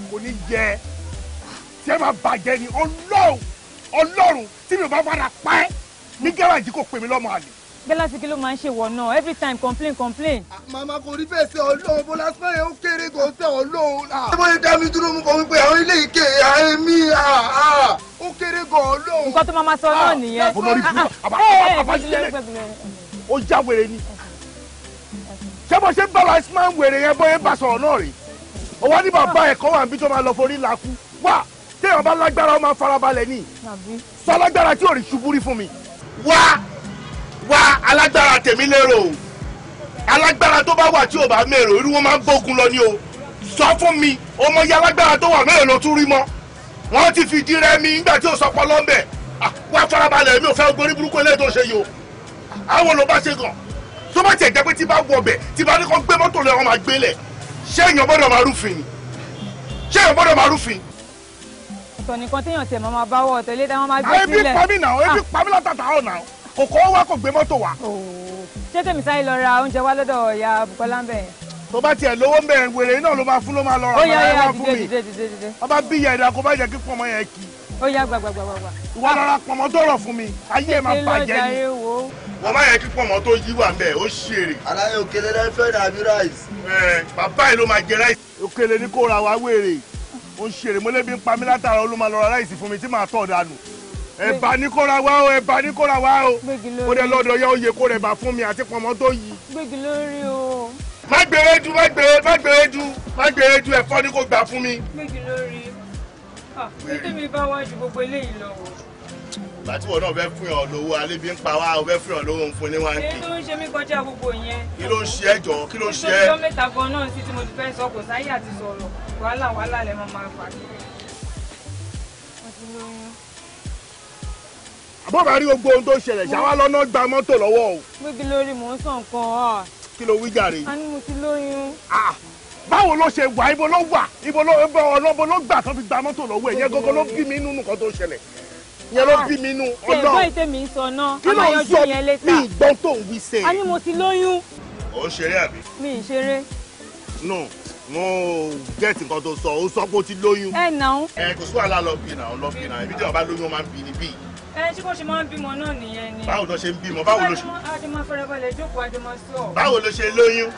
kò ní yẹ tí ẹ máa bàjẹ́ ni ọlọ́run ọlọ́run tí mi ò bá fara pa ẹ́ ní gẹ́rẹ́jì kò pè mí lọ́mọ àlè. bẹ́lá ti kí ló máa ń ṣe wọ̀ náà every time complain complain. Ah, màmá kò rí bẹ́ẹ̀ sẹ́ ọlọ́run bọ́lá sọ́yẹ́ ó kéré kò sẹ́ ọlọ́run náà. ṣé wọ́n dá mi dúró mú kọ́ wípé àwọn ilé ike ààrẹ mi ó kéré gan ọlọ́run. nǹkan tó máa ma sọ náà ah, nìyẹn. ó jáwèrè ni ṣé bó ṣe ń bára ismail wèrè yẹn bóyá bá sọ̀rọ̀ náà rè ó wá ní bàbá ẹ̀ kọ́ wà níbi tó máa lọ forí làkú wá téèyàn bá lágbára ó máa farabalẹ̀ ní sọ lágbára tí ò rí ṣubú fún mi. wá wá alágbára tèmi lérò o alágbára tó bá wà tí ò bá mèrò irú wọn máa ń bógun lọ ni o sọ fún mi ọmọ yẹ alágbára tó wà mèrò ló tún rí mọ́ wọ́n ti fìdí rẹ mi nígbà tí ò sọ pọ́ lọ́ńbẹ̀ ah, wá farabalẹ̀ mi ò fẹ́ gorí burúkú eléyìí ṣe yìí o àwọn olùbáṣe gan tó bá tiẹ̀ jẹ́ pé tí bá wọ ọbẹ̀ tí bá ní gbé mọ́tò lẹ́wọ́n máa gbé lẹ̀ ṣé èèyàn gbọ́dọ̀ máa rúfin ṣé èèyàn gbọ́dọ̀ máa rúfin. ọ̀tọ̀ nìkan téèyàn tiẹ̀ máa bá wọ ọ̀tọ̀ ilé táwọn máa gbé sílẹ̀. ebi pamí náà ebi ah. pamí látàtà ọ̀ náà kò tó bá tiẹ̀ lówó mbẹ̀ wèrè náà ló máa fún ló máa lọ rà máa wá fún mi ọba bí ìyá ẹ̀dá kó bá jẹ́ kí pọ̀ mọ́ yẹn kí ó yá gbàgbàgbàgbà. ìwọ rárá pọmọ tó rọ fún mi ayé ẹ máa bàjẹ́ ni wọ́n má yẹ kí pọmọ tó yí wà mẹ́ ó ṣèrè. aláyé òkèlè náà fẹ́ dàbí ráìsì. ẹ bàbá yìí ló máa jẹ ráìsì. òkèlè ni kó ra wa wèrè ó ṣèrè mọ́lẹ́bí ń pa mí látara ó ló máa lọ ra ráìsì fún mi tí màá tọ̀ dànù. ẹ̀bà ní kó ra wa o ẹ̀bà ní kó ra wa o ó dẹ lọ́dọ̀ yá oyè kó rẹ̀ bà fún mi àti pọmọ tó yí. gbégi lórí o. má gbèrè du má gbèrè du má gbèrè du ẹ̀fọ́ ni kò gbà fún mi. gbégi lórí ní ah, tèmi bá wá ju gbogbo eléyìí lọ wò. ìgbà tí wọn náà fẹ́ fún yàn lówó alébi ń pa wá o fẹ́ fún yàn lówó ń fún ní wáńkì. kí ló ń ṣe mí kọjá gbogbo yẹn. kí ló ń ṣe ẹ jọ kí ló ń ṣe ẹ. ìṣòro mẹ́ta gan náà sí tí mo ti fẹ́ sọ kò sáyé àti sọ̀rọ̀ wàhálà wàhálà lẹ́ máa máa fà kiri. àbọ̀ bá rí gbogbo ohun tó ṣẹlẹ̀ ṣáwá lọ́nà gba mọ́tò lọ́wọ́ o. gbégi lórí mò ń sàn kan. Ah. kí ló wí jàre. a ní mo ti lóyún. Ah báwo ló ṣe wà ibo ló wà ibo ló ọlọ́bo ló gbà tó fi gba mọ́tò lọ́wọ́ ẹ̀ yẹn gógó ló bí mi inú nǹkan tó ṣẹlẹ̀ yẹn ló bí mi inú ah, ọlọ́run. ṣègbọ́n ètè mi ń sọ náà kí ló ń sọ mi ìgbọ́n tó ń wí sẹ́yìn. a ní mo ti lóyún. ò ń ṣeré àbí. mi ì ṣeré. no mo gẹ́ẹ̀tì nǹkan tó sọ ó sọ pé ó ti lóyún. ẹ nà ó. ẹ kò sí wàhálà lọ bí náà lọ bí náà ibi tí wọn bá lóyún máa ń bí ni bí. ẹ ṣé kó ṣe máa ń bímọ náà nìyẹn ni. báwo ló ṣe ń bímọ báwo ló ṣe. báwo ló ṣe lóyún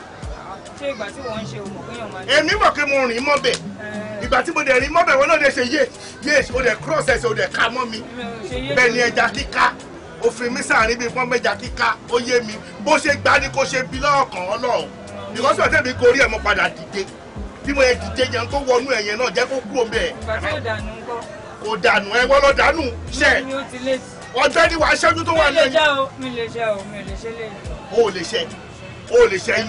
ṣé ìgbà tí wọ́n ń ṣe òmò kéèyàn máa ṣe. èmi mọ̀ pé mo rìn mọ́bẹ̀ ìgbà tí mo dẹ̀ rìn mọ́bẹ̀ wọn náà lè ṣe yé yé o dẹ̀ cross ẹsẹ̀ o dẹ̀ ka mọ́ mi bẹ́ẹ̀ ni ẹja kíká òfin mi sàárín bíi pọ́n mẹ́ja kíká ó yé mi bó ṣe gbá ni kò ṣe bí lọ́ọ̀kan ọlọ́run because ọ̀tẹ̀ mi gorí ẹ̀ mo padà dìde bí mo yẹ dìde yẹn tó wọnú ẹ̀yẹn náà jẹ́ kó kúrò bẹ́ẹ̀. ìgbà tí ò dànù ńkọ́. kò dànù ẹ wọ́n lọ dànù ṣẹ́ ọjọ́ ni wàá ṣẹ́jú tó wà lẹ́yìn. mi lè ṣe o mi lè ṣe o mi lè ṣe lè. o ò lè ṣe o ò lè ṣe yín.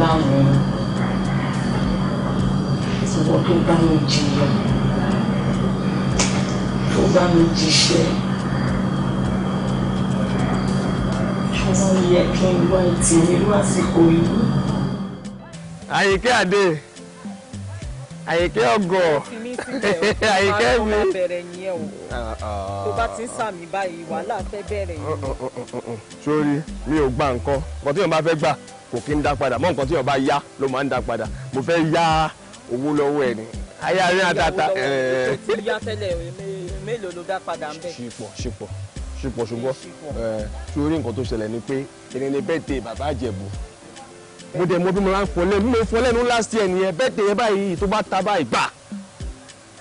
bá tí wọ́n tó bá mi jiyàn tó bá mi jíṣẹ́ tó wọ́n yẹ kí n wá ìtì nínú àsìkò yìí. àyíké àdé àyíké ọgọ àyíké mi. tó bá ti ń sàmì báyìí wàhálà fẹ́ bẹ̀rẹ̀ yìí. sórí mi ò gba nǹkan bọ́tí yóò bá fẹ́ gbà kò kí ń dá padà mọ́ nǹkan tí ọba yá ló máa ń dá padà mo fẹ́ yá owó lọ́wọ́ ẹ̀ ni ayé àárín àtàtà. ìyàwó yá tẹ́lẹ̀ mélòó ló dá padà ń bẹ̀. ṣùpọ̀ ṣùpọ̀ ṣùpọ̀ ṣùgbọ́n tí orí nǹkan tó ṣẹlẹ̀ ni pé ìrìn ni bẹ́ẹ̀ tẹ bàbá àjẹ̀bù mo dẹ̀ mo bí mo máa ń fọlẹ́ mo fọlẹ́ nu last year nìyẹn bẹ́ẹ̀ tẹ báyìí tó bá ta báyìí gbà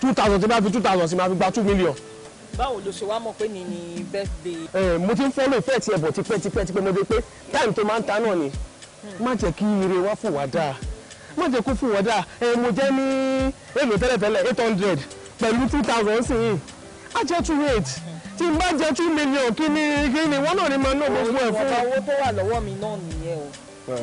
two thousand tí bá fi two thousand sí máa fi gba two million báwo ló ṣe wá mọ̀ pé ní ni birthday. mo ti ń fọ́lọ́ ìfẹ́ ti ẹ̀bọ̀ tipẹ́tipẹ́ tipẹ́ mo dé pé táìmù tó máa ń ta náà ni má jẹ́ kí ire wá fún wa dáa má jẹ́ kó fún wa dáa ẹ mo jẹ́ ní èlò tẹ́lẹ̀tẹ́lẹ̀ eight hundred pẹ̀lú two thousand sí i á jẹ́ two eight tí n bá jẹ́ two million kí ni kí ni wọ́n náà ni máa ná gbogbo ẹ̀ fún. owó tó wà lọ́wọ́ mi náà nìyẹn o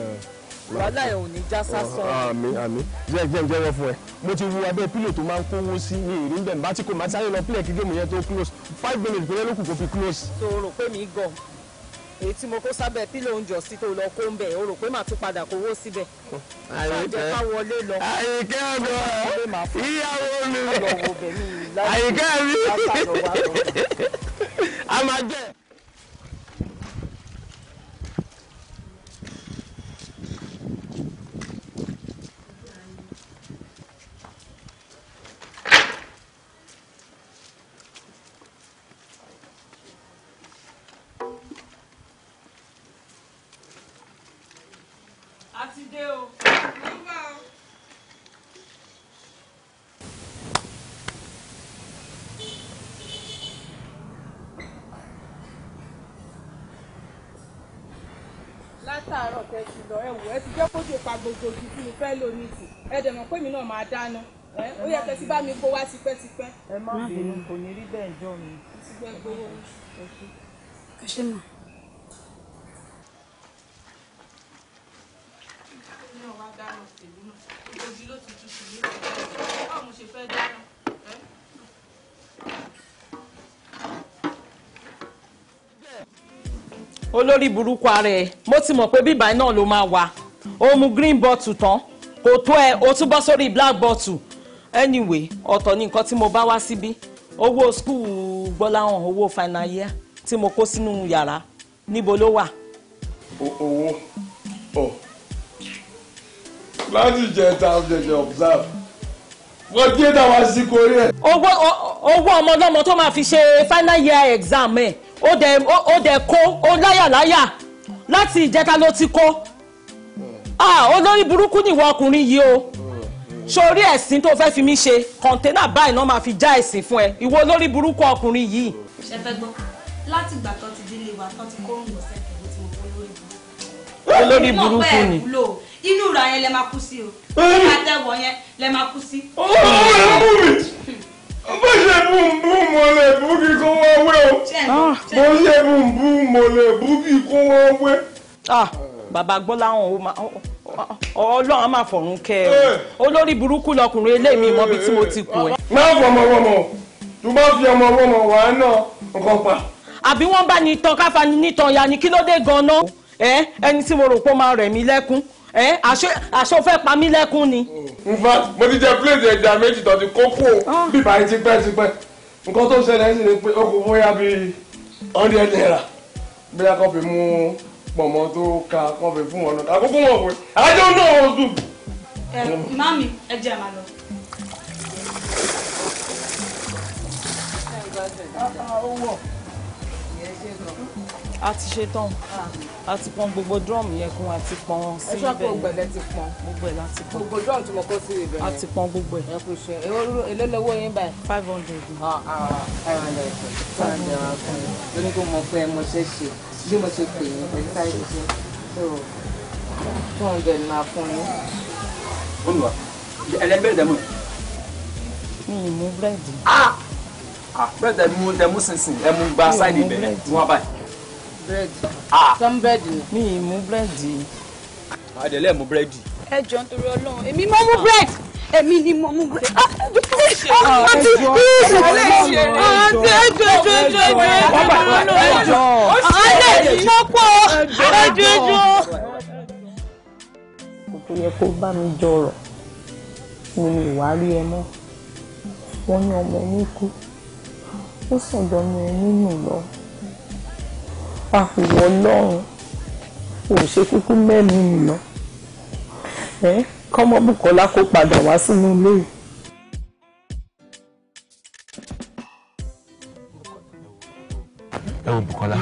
wàhálà ẹ ò ní já sásán. àmín àmín jẹ́ jẹ́ jẹ́wọ́ fún ẹ mo ti wo abẹ́ pílò tó máa ń kówó sí ní èrè ń bẹ̀ bá tí kò máa sáré lọ pílẹ̀ kí géèmù yẹn tó close five minutes péré ló kù fi close. sọ̀rọ̀ pé mi gọ̀ èyí tí mo kó sábẹ́ pílò oúnjẹ sí tó lọ kó ń bẹ̀ o rò pé màá tún padà kówó síbẹ̀. àyíkẹ́ àyíkẹ́ ọ̀dọ̀ ìyàwó mi àyíkẹ́ mi a máa jẹ́. fẹ́ lò ní tì ẹ dẹ̀ mọ̀ pé mi náà máa dáná ó yẹ kẹ́ ti bá mi kó wá tipẹ́tipẹ́. ẹ má bínú kò ní rí bẹ́ẹ̀ jọ mi. ẹ ṣe olórí burúkú ara ẹ mo ti mọ̀ pé bíbá náà ló máa wà ó mu green bottle tán kò tó ẹ o tún bọ́ sórí black bottle anyway ọ̀tọ̀ ni nǹkan tí mo bá wá síbí owó skul gbọ́láhàn owó final year tí mo kó sínú yàrá níbo ló wà. owó ọ oh. láti jẹta jẹjẹ observe wọ́n dé dáwà sí korí ẹ̀. owó ọmọdọ́mọ tó máa fi ṣe final year exam ẹ̀ ó dẹ̀ kó ó láyàláyà láti ìjẹta ló ti kó olórí burúkú nìwọ ọkùnrin yìí o sórí ẹ̀sìn tó fẹ́ fi mí ṣe kọ̀ńténà báyìí náà máa fi já ẹ̀sìn fún ẹ ìwọ olórí burúkú ọkùnrin yìí. ṣe fẹ́ láti ìgbà tó ti délé wa tó ti kórùn lọ sẹ́kẹ̀ẹ́ bó ti mọ̀ olórí burúkú. olórí burúkú ni o ẹ máa tẹ̀wọ̀ yẹn lẹ máa kú sí. ọmọ ẹ mú mi bó ṣe bùnbù mo lè bú kí kó wọ́n wé o bó ṣe bùnbù mo lè bú kí kó wọ́n wé bàbá gbọ́láhàn ọlọ́run á máa fọ̀run kẹ́ ẹ olórí burúkú lọkùnrin eléèmí mọ́bi tí mo ti kù ẹ. máa fọ ọmọ wọmọ tó bá fi ọmọ wọmọ wà á náà nǹkan pa. àbí wọ́n bá ní tan káfa ní tan ya ni kí ló dé gan ẹ ẹni tí mo rò pé máa rẹ̀ mí lẹ́kún ẹ aṣọ fẹ́ pa mí lẹ́kún ni. n fa mo ti jẹ plate ẹja méjì tó ti kó kó ah. bíbá yìí ti pẹ́ ti pẹ́ nǹkan tó ṣẹlẹ̀ sí ni pé ó kò bóyá pọ̀mọ́ tó ka wọ́n fi fún wọn náà àkókò wọn pé àjọ náà wọ́n dùn. ẹ mami ẹ jẹ́ àmà lọ. ọ̀ọ́ owó a ti ṣe a ti pọn gbogbo drum yẹn kún a ti pọn wọn sí ibẹ̀ yẹn gbogbo ẹ̀ ti pọn gbogbo ẹ̀ la ti pọn gbogbo drum tí mo kó sí ibẹ̀ yẹn a ti pọn gbogbo ẹ̀. ẹ kò ṣe èló lówó yín báyìí. five hundred. Ah, ah, five hundred five hundred lóní kó mọ pé mo ṣe ṣe bí mo ṣe pè yín pẹ̀lú táyé ṣe so two hundred máa fún yín. olùwà ẹlẹgbẹ́ ìdẹ́mọ̀. mi ì mú búrẹ́dì. ah, ah bẹ́ẹ̀ tẹ̀ mú tẹ̀ mú sísìn ẹ̀ mú gba sáìdì ibẹ̀ wọ́n báyìí búrẹ́dì. sọ́n búrẹ́dì ni. mi ì mú búrẹ́dì. adẹ̀lẹ̀ mú búrẹ́dì. ẹ jọ nítorí ọlọ́run èmi mo mú búrẹ́dì èmi ni mo mú búrẹ́dì. àti bíìsì lè ṣe àti ẹjọ ẹjọ ẹjọ ẹjọ ẹjọ ẹjọ ọ̀lẹ́ ìṣọ́pọ̀ ẹjọ ẹjọ. kò yẹ kó bá mi jọrọ mi ò wá rí ẹ mọ́ wọ́n ní ọmọ mi kú ó sọ̀dọ̀ mi ò nínú lọ àpòwọ́ ọlọ́run kò ṣe kúkú mẹ́nu nìyọ kọ́mọ Bùkọ́lá kó padà wá sínú ilé yìí. ẹ wo Bùkọ́lá.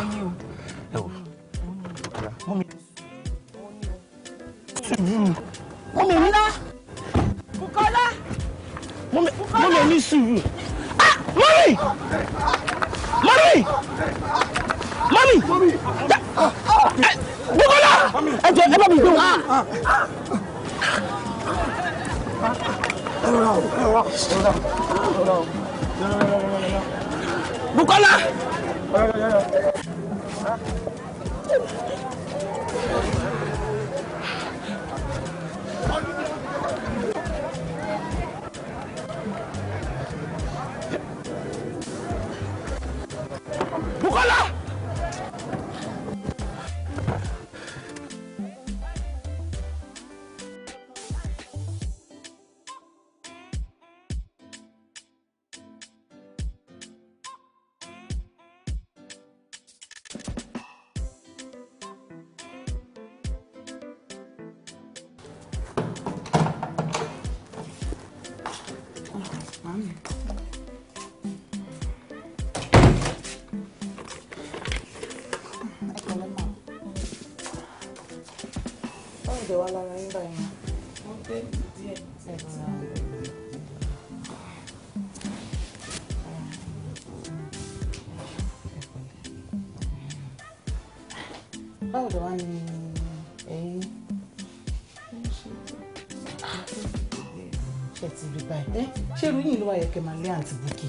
kẹ́ máa lé àǹtí Bukky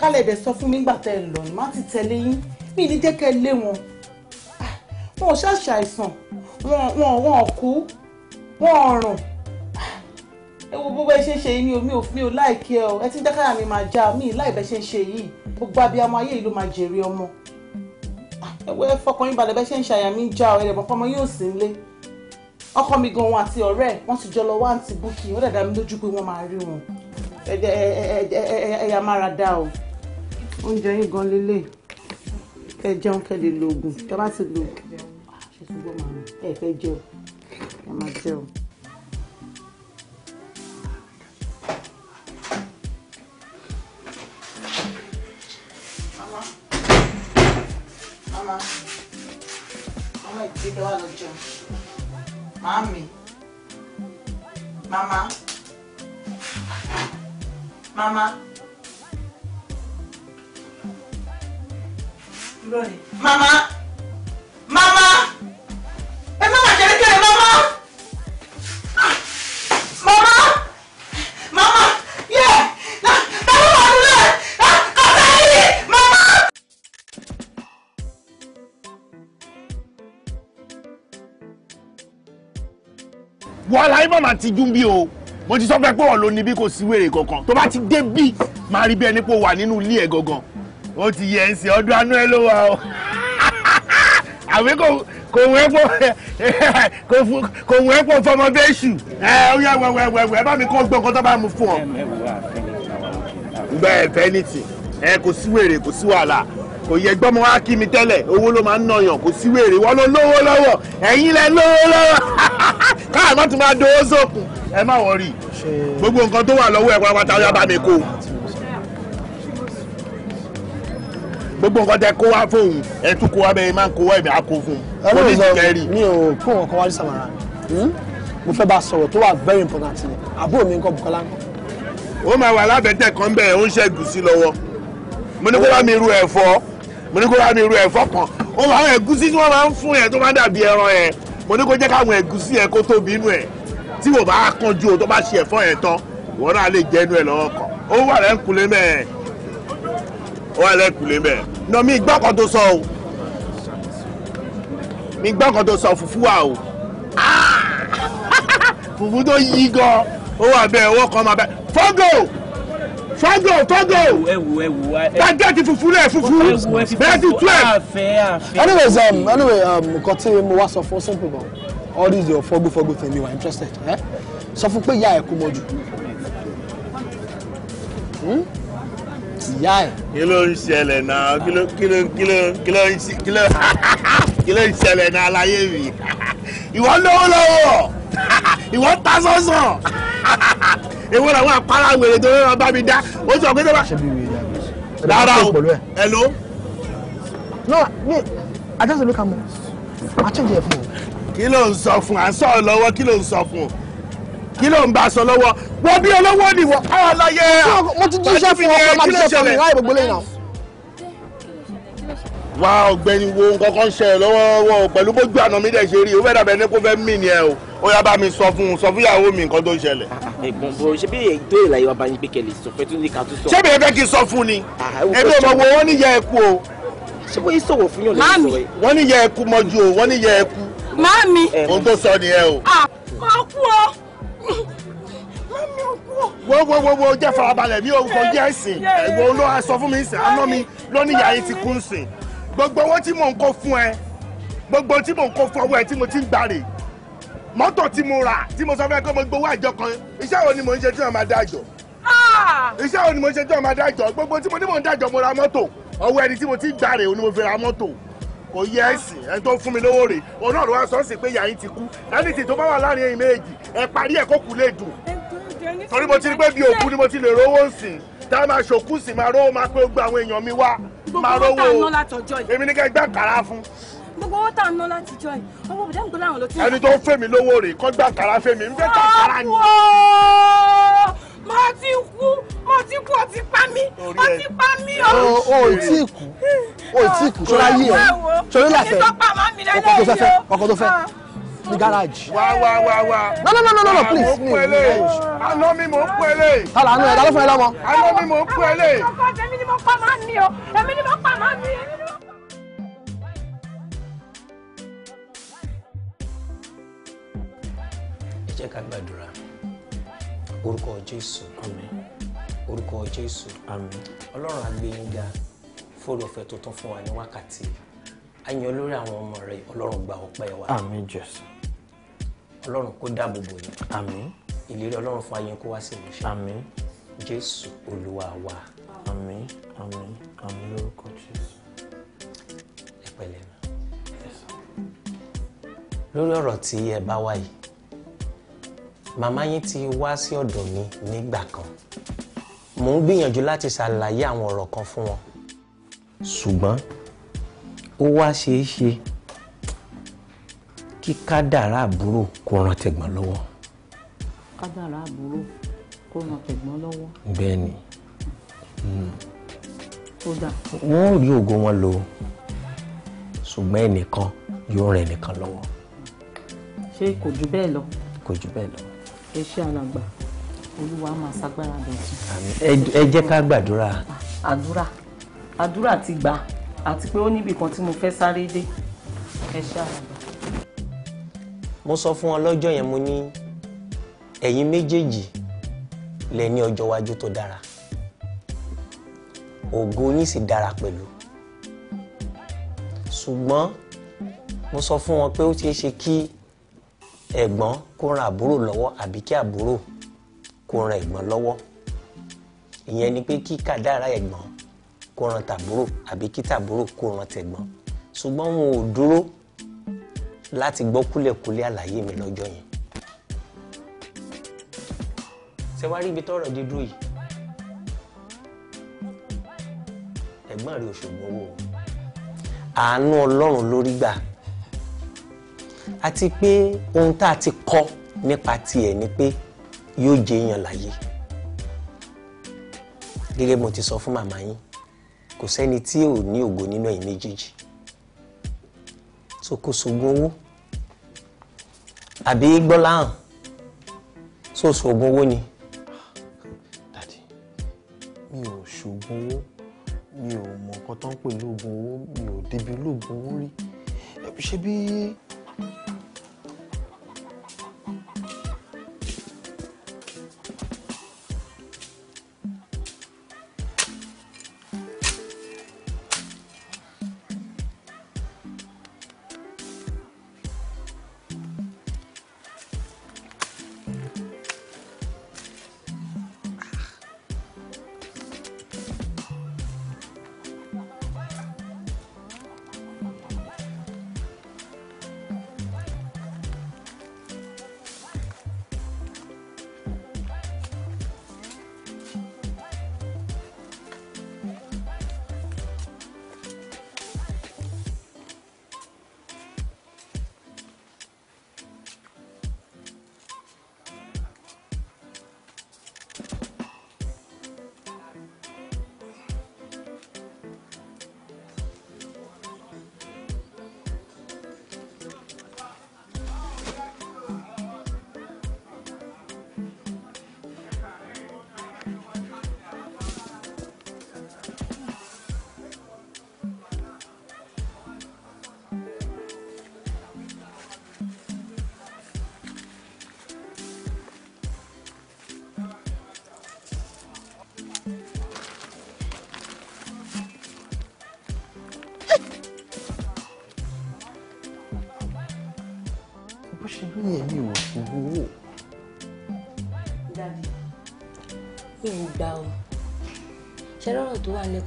kálẹ̀ dẹ̀ sọ fún mi nígbà tẹ́ ẹ lọ ní má ti tẹ̀lé yín mi ní jẹ́ kẹ́ ẹ lé wọn ah, wọn ò ṣàṣà àìsàn wọn wọn ò kú wọn ò rùn ah, ẹ wo gbogbo ẹ ṣe ń ṣe yìí mi ò mi ò láìkí ẹ o ẹ ti ń dákàrà mi máa já mi láì bẹ ṣe ń ṣe yìí gbogbo abiyamọ ayé yìí ló máa jèrè ọmọ ah, ẹ wo ẹ fọkàn yín balẹ̀ bẹ ṣe ń ṣe àyà mi ń já ọ ẹ̀rẹ̀ bọ̀fọ́mọ yóò sì ń lé ọkọ mi gan-an àti ọ̀rẹ́ ẹ̀ wọ́n ti jọ lọ wá àǹtí Bukky wọ́n dàda mi lójú pé wọ́n máa rí wọn ẹ̀yà mára dá o oúnjẹ yín gan lélẹ̀ kẹ́ jẹun kẹ́ lè lo oògùn tẹ́ bá ti lo ẹ fẹ́ jẹ o ẹ máa jẹ o. Mami, mama. Mama. Lónìí. Mama. Mama. Ẹ má wà kẹ́lẹ́kẹ́lẹ́ mama. Mama. Mama. Yẹ. Ah, ẹ má wà lulẹ̀. Ah, Kọ́tà yìí. Mama. Wàhálà ẹ má máa tijú bí o mo ti sọ pé pé ọ̀lọ́ níbí kò sí wèrè kankan tó bá ti dé bí máa rí bí ẹni pé ó wà nínú ilé ẹ̀ gangan ó ti yẹ ẹ̀ ń sìn ọdún anú ẹ ló wà o àbí kò wẹ́ pọ̀ kò wẹ́ pọ̀ fọmọ bẹ́ẹ̀ ṣù ẹ ó yà wẹ́wẹ́wẹ́ ẹ bá mi kọ́ gbọ́n kan tó bá mu fún ọ. gbẹ ẹfẹ ní tì ẹ kò sí wèrè kò sí wàhálà kò yẹ gbọ́mọ wá kí mi tẹ́lẹ̀ owó ló máa ń nàyàn kò sí wèrè wọn ló lówó lọ́wọ́ ẹ̀yin lẹ lówó lọ́wọ́ káà má tún máa dowó sókun ẹ má wọrí gbogbo nǹkan tó wà lọ́wọ́ ẹ̀ pátápátá ó yá bá mi kó gbogbo nǹkan tẹ kó wá fóun ẹ tún kó wá bẹ́ẹ̀ máa ń kó wá ẹ̀mí àkó fún un kò ní ìjìká rí. mi ò kó nǹkan wá ní samara hmm? mo fẹ́ bá a sọ̀rọ̀ tó wà very important ni àbúrò mi ń kọ́ Bukola ń kọ́. ó máa wà lábẹ́tẹ̀ kan bẹ́ẹ̀ ó ń ṣe ẹ̀gúsí lọ́wọ́ mo ní kó bá mi ru ẹ̀fọ́ mo ní kó bá mi ru ẹ̀fọ́ kan ó máa ń ẹ̀gúsí tí wọ́n máa ń fún yẹn tó máa ń dàbí ẹran yẹn mo ní kó jẹ́ káwọn ẹ̀gúsí yẹn kó tóbi inú ẹ̀ tí wò bá kánjú o tó bá ṣe ẹ̀fọ́ yẹn tán ìwọ náà lè jẹ́ inú ẹ̀ lọ́wọ́ kan ó wà lẹ́kùnlé mẹ́ẹ̀ ó wà lẹ́kùnlé mẹ́ẹ̀ nà mí gbọ́ kan tó sọ o mí gbọ́ kan tó sọ fùfú wa o fùfú tó yí gan ó wà bẹ́ẹ̀ owó kan máa bẹ́ẹ̀ fọ́gò fọ́gò fọ́gò tàgẹ́tì fùfú lẹ̀ fùfú bẹ́ẹ̀ ti tú ẹ̀. anyways um, anyway um, nǹkan tí mo wá sọ fún simple gan all this your fogo fogo thing you are interested eh? sọ fún pé ìyá ẹ kú mọ jù hmm? ìyá ẹ. kí ló ń ṣẹlẹ̀ náà kí ló kí ló kí ló kí ló kí ló kí ló ń ṣẹlẹ̀ náà láyé mi ìwọ lówó lọ́wọ́ ìwọ ta sọ́sọ́ èwo làwọn àpárá wèrè tó rọra bá mi dá ó sọ pé tó rárá o hello. no me i just look am i check the phone kí ló ń sọ fún à ń sọ̀rọ̀ lọ́wọ́ kí ló ń sọ fún kí ló ń bá a sọ lọ́wọ́ wọ́n bí olówó ni wọ́n á láyé à mo ti jíṣẹ́ fún ọkọ máa jíṣẹ́ fún mi wáyé gbogbo lẹ́yìn náà. wá ọ̀gbẹ́ni wo nǹkankan ṣe ẹ lọ́wọ́wọ́ pẹ̀lú bójú àná mi dẹ̀ ṣe rí o fẹ́ dàbẹ̀ ní kó fẹ́ mí ni ẹ o ó yá bá mi sọ fún un sọ fún ìyàwó mi nǹkan tó ń ṣẹlẹ̀. ẹ̀gbọ́n ah, ah, eh, bro ṣé bí ètò ìlàyé wa bá ń gbé kẹlẹ sọ fẹ tún ní ká tún sọ. ṣé ẹ fẹ́ kí n sọ fún ni ẹbí ọmọ wo wọ́n níyà ẹ̀kú o. ṣé bóyá sọ̀rọ̀ fún yàn lórí sọ̀rọ̀ yìí. wọ́n níyà ẹ̀kú mọ́jú o wọ́n níyà ẹ̀kú Mami. Ohun tó sọ nìyẹn o. Kò ah, kú o. Mami ò kú o. Wo wo wo wo jẹ́ farabalẹ̀ mi ò kọ jẹ́ ẹ̀sìn. Ẹ̀gbọ́n ló wá sọ fún mi ń sìn. Aná mi lọ́níyà yìí ti kún sìn. Gbogbo owó tí mò ń kó fún ẹ. Gbogbo tí mò ń kó fún ọwọ́ ẹ tí mo ti ń gbàrè. Mọ́tò tí mo rà tí mo sọ fẹ́ kọ́ mo gbowó àjọ kan. Iṣẹ́ wo ni mò ń ṣe tí wọ́n máa dájọ́? Ah! Iṣẹ́ wo ni mò ń ṣe tí wọ́n máa dájọ́? Gbogbo tí mo ní mò ń dájọ́ mo ra mọ́tò. Ọwọ́ ẹni tí mo ti ń gbàrè òun ni mo fi ra mọ́tò kò yẹ ẹ̀sìn ẹni tó fún mi lówó rẹ̀ òun náà ló wá sọ sí pé yàyín ti kú ẹni tí tó bá wà láàrin ẹ̀yin méjì ẹ parí ẹ kó kú lè dùn torí mo ti rí pé bí òkú ni mo ti lè rówó nsìn tá a máa ṣòkú sí máa rówó máa pé ó gba àwọn èèyàn mi wá máa rówó èmi ní kẹ́ gbá kàrá fún gbogbo owó tá a ná láti jọ yìí owó bùdá nǹkan láwọn ló ti. ẹni tó ń fẹ́ mi lówó rẹ̀ kọ́ gbà kàrà fẹ́ ń fẹ́ kàrà ni mo ti kú mo ti kú o ti pa mí o ti pa mí o. o ò tí ì kú o ò kú sọlá yìí ẹ sọlá làfẹ ọkọ tó fẹ́ fẹ́ ọkọ tó fẹ́ ah. ní gáràjì. wá wá wá wá. no no no no no no please. mo pẹ́ lé àná mi mo pẹ́ lé. tala àánú ẹ̀ dá fún ẹ lọ́mọ. àná mi mo pẹ́ lé. èmi ni mo pa máa ń ní o èmi ni mo pa máa ń ní èmi ni mo. ẹ jẹ́ ká gbàdúrà orúkọ jésù àmín orúkọ jésù àmín ọlọ́run á gbé yín ga fóònù ọ̀fẹ́ tó tán fún wa ní wákàtí àyàn olórí àwọn ọmọ rẹ ọlọ́run gba ọpẹ́ wa àmín jésù ọlọ́run kó dáàbò bò yín àmín ìlérí ọlọ́run fún ayé kó wá sí ìmúṣẹ àmín jésù olúwa wa àmín àmín àmín lórúkọ jésù ẹ pẹ̀lẹ́ lórí ọ̀rọ̀ tí ẹ bá wáyé màmá yín ti wá sí ọ̀dọ̀ mi nígbà kan mò ń gbìyànjú láti ṣàlàyé àwọn ọ̀rọ̀ kan fún wọn ṣùgbọ́n ó wá ṣeé ṣe kí kádàrá àbúrò kó ran tẹ̀gbọ́n lọ́wọ́. kádàrá àbúrò kó ran tẹ̀gbọ́n lọ́wọ́. bẹ́ẹ̀ ni. Hmm. wọ́n ò rí ògo wọn lò ṣùgbọ́n ẹnìkan yóò ran ẹnìkan lọ́wọ́. ṣé kò jù bẹ́ẹ̀ lọ. kò jù bẹ́ẹ̀ lọ ẹ ṣe alàgbà olúwa máa ṣàgbára dọ̀tun. ẹ jẹ́ ká gbàdúrà. àdúrà àdúrà ti gbà àti pé ó níbì kan tí mo fẹ́ sáré dé ẹ ṣe alàgbà. mo sọ fún ọ lọ́jọ́ yẹn mo ní ẹ̀yin méjèèjì lẹ ní ọjọ́ iwájú tó dára ògo yín sì dára pẹ̀lú ṣùgbọ́n mo sọ fún wọn pé ó ṣeé ṣe kí ẹ̀gbọ́n kó ran àbúrò lọ́wọ́ àbí kí àbúrò kó ran ẹ̀gbọ́n lọ́wọ́ ìyẹn ni pé kí kádàrá ẹ̀gbọ́n kó ran tàbúrò àbí kí tàbúrò kó ran tẹ̀gbọ́n ṣùgbọ́n wọn ò dúró láti gbọ́ kúlẹ̀kúlẹ̀ àlàyé mi lọ́jọ́ yẹn ṣé wàá rí ibi tọ́rọ̀ dé dúró yìí ẹ̀gbọ́n rẹ̀ ò ṣògbọ́n wò ó àánú Ọlọ́run lórí gbà àti pé ohun tá a ti kọ́ nípa tiẹ̀ ni pé yóò jẹ èèyàn láyé gẹ́gẹ́ mo ti sọ fún màmá yín kò sẹ́ni tí ò ní ògo nínú ẹ̀yin méjèèjì so kò sògùn owó àbí gbọ́láhàn so sògùn owó ni. dadi mi ò ṣògùn owó mi ò mọ nǹkan tó ń pè owó mi ò débi lóògùn owó rí ṣebí. Bi...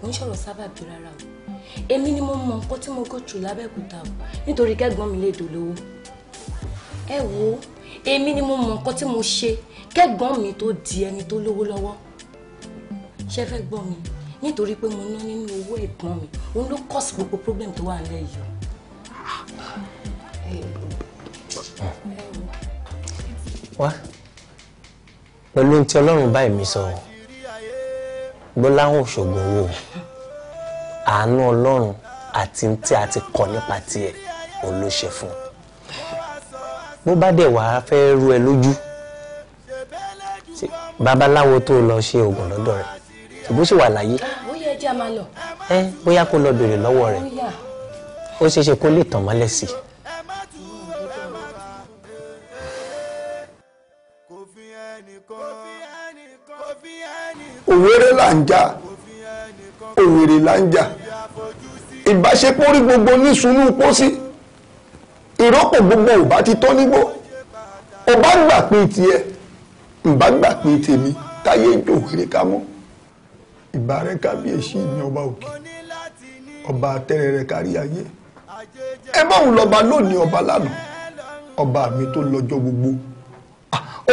kò ń sọ̀rọ̀ sábàbí rárá o èmi ni mo mọ nǹkan tí mo go through lábẹ́òkúta o nítorí kẹ́gbọ́n mi lè dolówó ẹ wo èmi ni mo mọ nǹkan tí mo ṣe kẹ́gbọ́n mi tó di ẹni tó lówó lọ́wọ́ ṣe fẹ́ gbọ́ mi nítorí pé mo ná nínú owó ẹ̀gbọ́n mi òun ló cause gbogbo problem tó wà nílẹ̀ yìí wá pẹ̀lú ohun tí ọlọ́run bá èmi sọ gbọ́láhùn ṣògùn owó àánú ọlọ́run àti tí a ti kọ́ nípa tiẹ̀ òun ló ṣe fún un bó bá dẹ̀ wàá fẹ́ rú ẹ lójú babaláwo tó lọ ṣe oògùn lọ́dọ̀ rẹ̀ ṣùgbọ́n ó sì wà láyé. bóyá ẹ jẹ́ bóyá kó lọ béèrè lọ́wọ́ rẹ̀ ó ṣeé ṣe kó lè tàn mọ́lẹ̀ sí i. òwéré là ń jà òwèrè là ń jà ìbáṣepọ̀ orí gbogbo ní sunú pósí ìrọ́pò gbogbo ò bá ti tọ́ nígbó ò bá gbà pé tiẹ̀ ò bá gbà pé tèmi táyé jò wèrè ká mọ́ ìbà rẹ kábíyèsí ní ọba òkè ọba atẹ́rẹ rẹ kárí ayé ẹ báwo lọba lónìí ọba lánàá ọba mi tó lọ́jọ́ gbogbo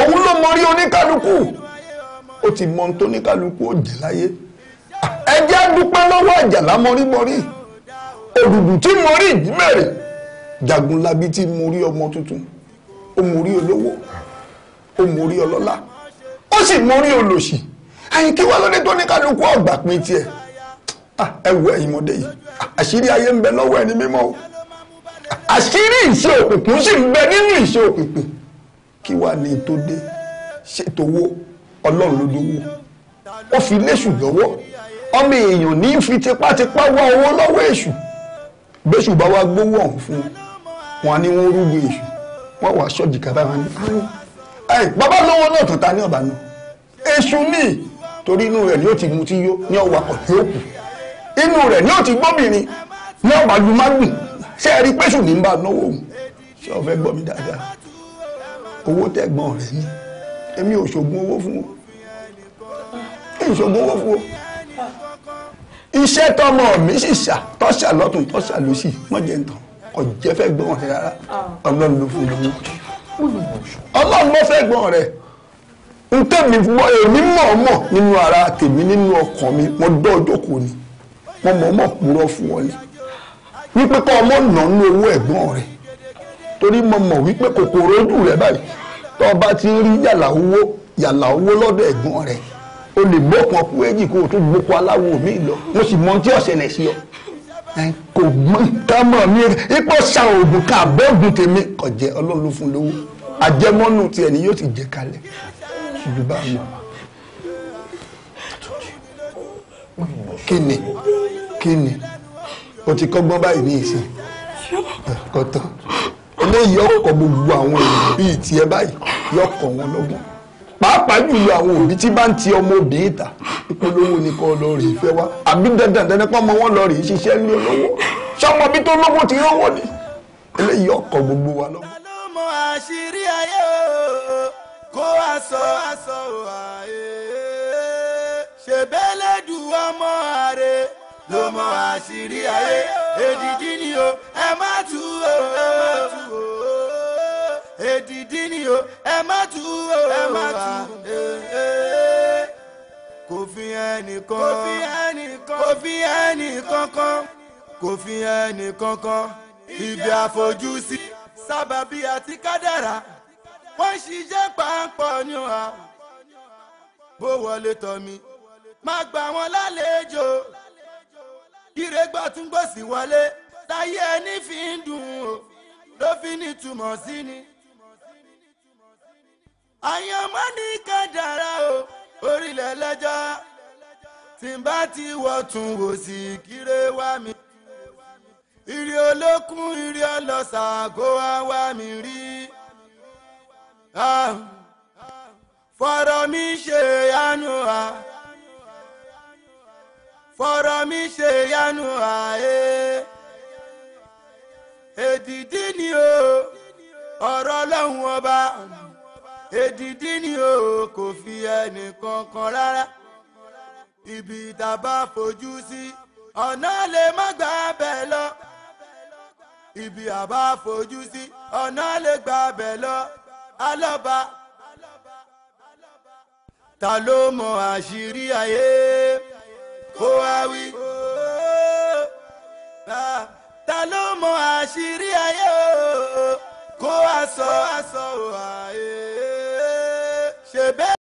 òun ló mọ rí oníkálukú ó ti mọ ohun tó oníkálukú ó jẹ láyé ẹ jẹ́ dúpẹ́ lọ́wọ́ àjàlá mọ́rímọ́rí òdùdù tí mo rí ìjímẹ̀rẹ̀ jagunlabi tí mo rí ọmọ tuntun ó mo rí olówó ó mo rí ọlọ́lá ó sì mo rí olòṣì ẹ̀yin kí wá lóde tó ní kálukú ọ̀gbà pin tiẹ̀ ẹ wo ẹ̀yin mọ̀dé yìí àṣírí ayé ń bẹ lọ́wọ́ ẹni mímọ́ o àṣírí ìṣe òkùnkùn sì ń bẹ nínú ìṣe òkùnkùn kí wàá ní tó dé ṣètò owó ọlọ́run ló dówó ó fi léṣù lọ́wọ́ ọmọ èèyàn ní fi tipátipá wá owó lọ́wọ́ èṣù bẹ́sù bá wá gbówó ọ̀hún fún wọn ni wọ́n rúgbìn èṣù wọ́n wàá ṣọ́ọ̀jì kàbá wọn ni. ẹ bàbá lọ́wọ́ náà tàn ta ní ọ̀bà náà èṣù ní torí inú rẹ̀ ni ó ti mu ti yó ní ọwọ́ akọ̀ tí ó kù inú rẹ̀ ni ó ti gbóbìnrin ní ọ̀bà lu má gùn ṣé ẹ rí pẹ́sù ní bá náwó òun ṣé o fẹ́ gbọ́ mi dáadáa owó tẹ̀gbọ́n rẹ̀ ni èmi ò ṣògùn owó fún wọn èmi ò ṣògùn owó fún wọn iṣẹ́ tọmọ mi sì ṣà tọ́ṣà lọ́tún tọ́ṣà lọ́sì mọ́jẹ̀ ń tàn kò jẹ́ fẹ́ gbọ́n rẹ rárá ọlọ́run ló fún mi ọlọ́run ló fẹ́ gbọ́n rẹ n tẹ̀mí èmi mọ̀ọ́mọ̀ nínú ara tèmi nínú ọkàn mi wọ́n dọ́ ọjọ́ kò ní wọ́n mọ̀ọ́mọ̀ purọ́ fún ọ ni wípé kọ́ ọmọ nà ń owó ẹ̀gbọ́n torí mo mọ̀ wípé kòkòrò ojú rẹ báyìí tó o bá ti ń rí yàlà owó yàlà owó lọ́dọ̀ ẹ̀gbọ́n rẹ o lè bókun ọkùn èjì kó o tún gbókun aláwo mi lọ mo sì mọ tí ọ̀sẹ̀lẹ̀ sí ọ kò mọ ká mọ mi ipò sa oògùn ká bọ́ọ̀gùn tèmi kò jẹ ọlọ́run ló fún lówó àjẹmọ́nù tiẹ̀ ni yóò ti jẹ kalẹ̀ ṣùgbọ́n bá mi. kí ni kí ni o ti kọ́gbọ́n báyìí ní ìsìn kọ́tọ́ eléyìí ọkọ̀ gbogbo àwọn èèyàn bíi tiẹ̀ báyìí yọkọ̀ wọn lọ́gbọ̀n pàápàá jùlọ àwọn òbí tí bá ń ti ọmọ obìnrin ta ìpolówó ni kò lọ rèé fẹ́ wá àbí dandan dandan pọ́n mọ́ wọn lọ rèé ṣiṣẹ́ ní olówó sọmọ bí tó lówó ti rówó ni eléyìí ọkọ̀ gbogbo wa lọ. ló mọ àṣírí ayé èdìdí ni o ẹ má tu o èdìdí ni o ẹ má tú o ẹ má tú eh, eh, kò fi ẹnìkan kò fi ẹnìkan kò fi ẹnìkan kan kò fi ẹnìkan kan ibi àfojúsí sábàbí àti kádàrá wọ́n ṣiṣẹ́ pàápọ̀ ni wà bó wọlé tọ̀ mi má gbà wọ́n lálejò ire gbà tún gbòsì wọlé láyé ẹni fi ń dùn ó ló fi ní túmọ̀ sí ni àyànmọ́ ní kádàrá o orílẹ̀ lẹ́jọ́ tí n bá ti wọ̀ tún wò sí kíré wá mi. ìrì olókun ìrì ọlọ́sà kó wá wá mi rí. fọ̀rọ̀ mi ṣe yánú a fọ̀rọ̀ mi ṣe yánú a e. èdìdí ni o ọ̀rọ̀ ọlọ́run ọba èdìdí ni o kò fi ẹnì kankan rárá ibi tàbá fojú sí ọ̀nà lè má gbà bẹ́ẹ̀ lọ ibi àbá fojú sí ọ̀nà lè gbà bẹ́ẹ̀ lọ alọ́ba ta ló mọ àṣírí ayé kó wá wí ta ló mọ àṣírí ayé kó wá sọ ayé ṣe bẹ́ẹ̀.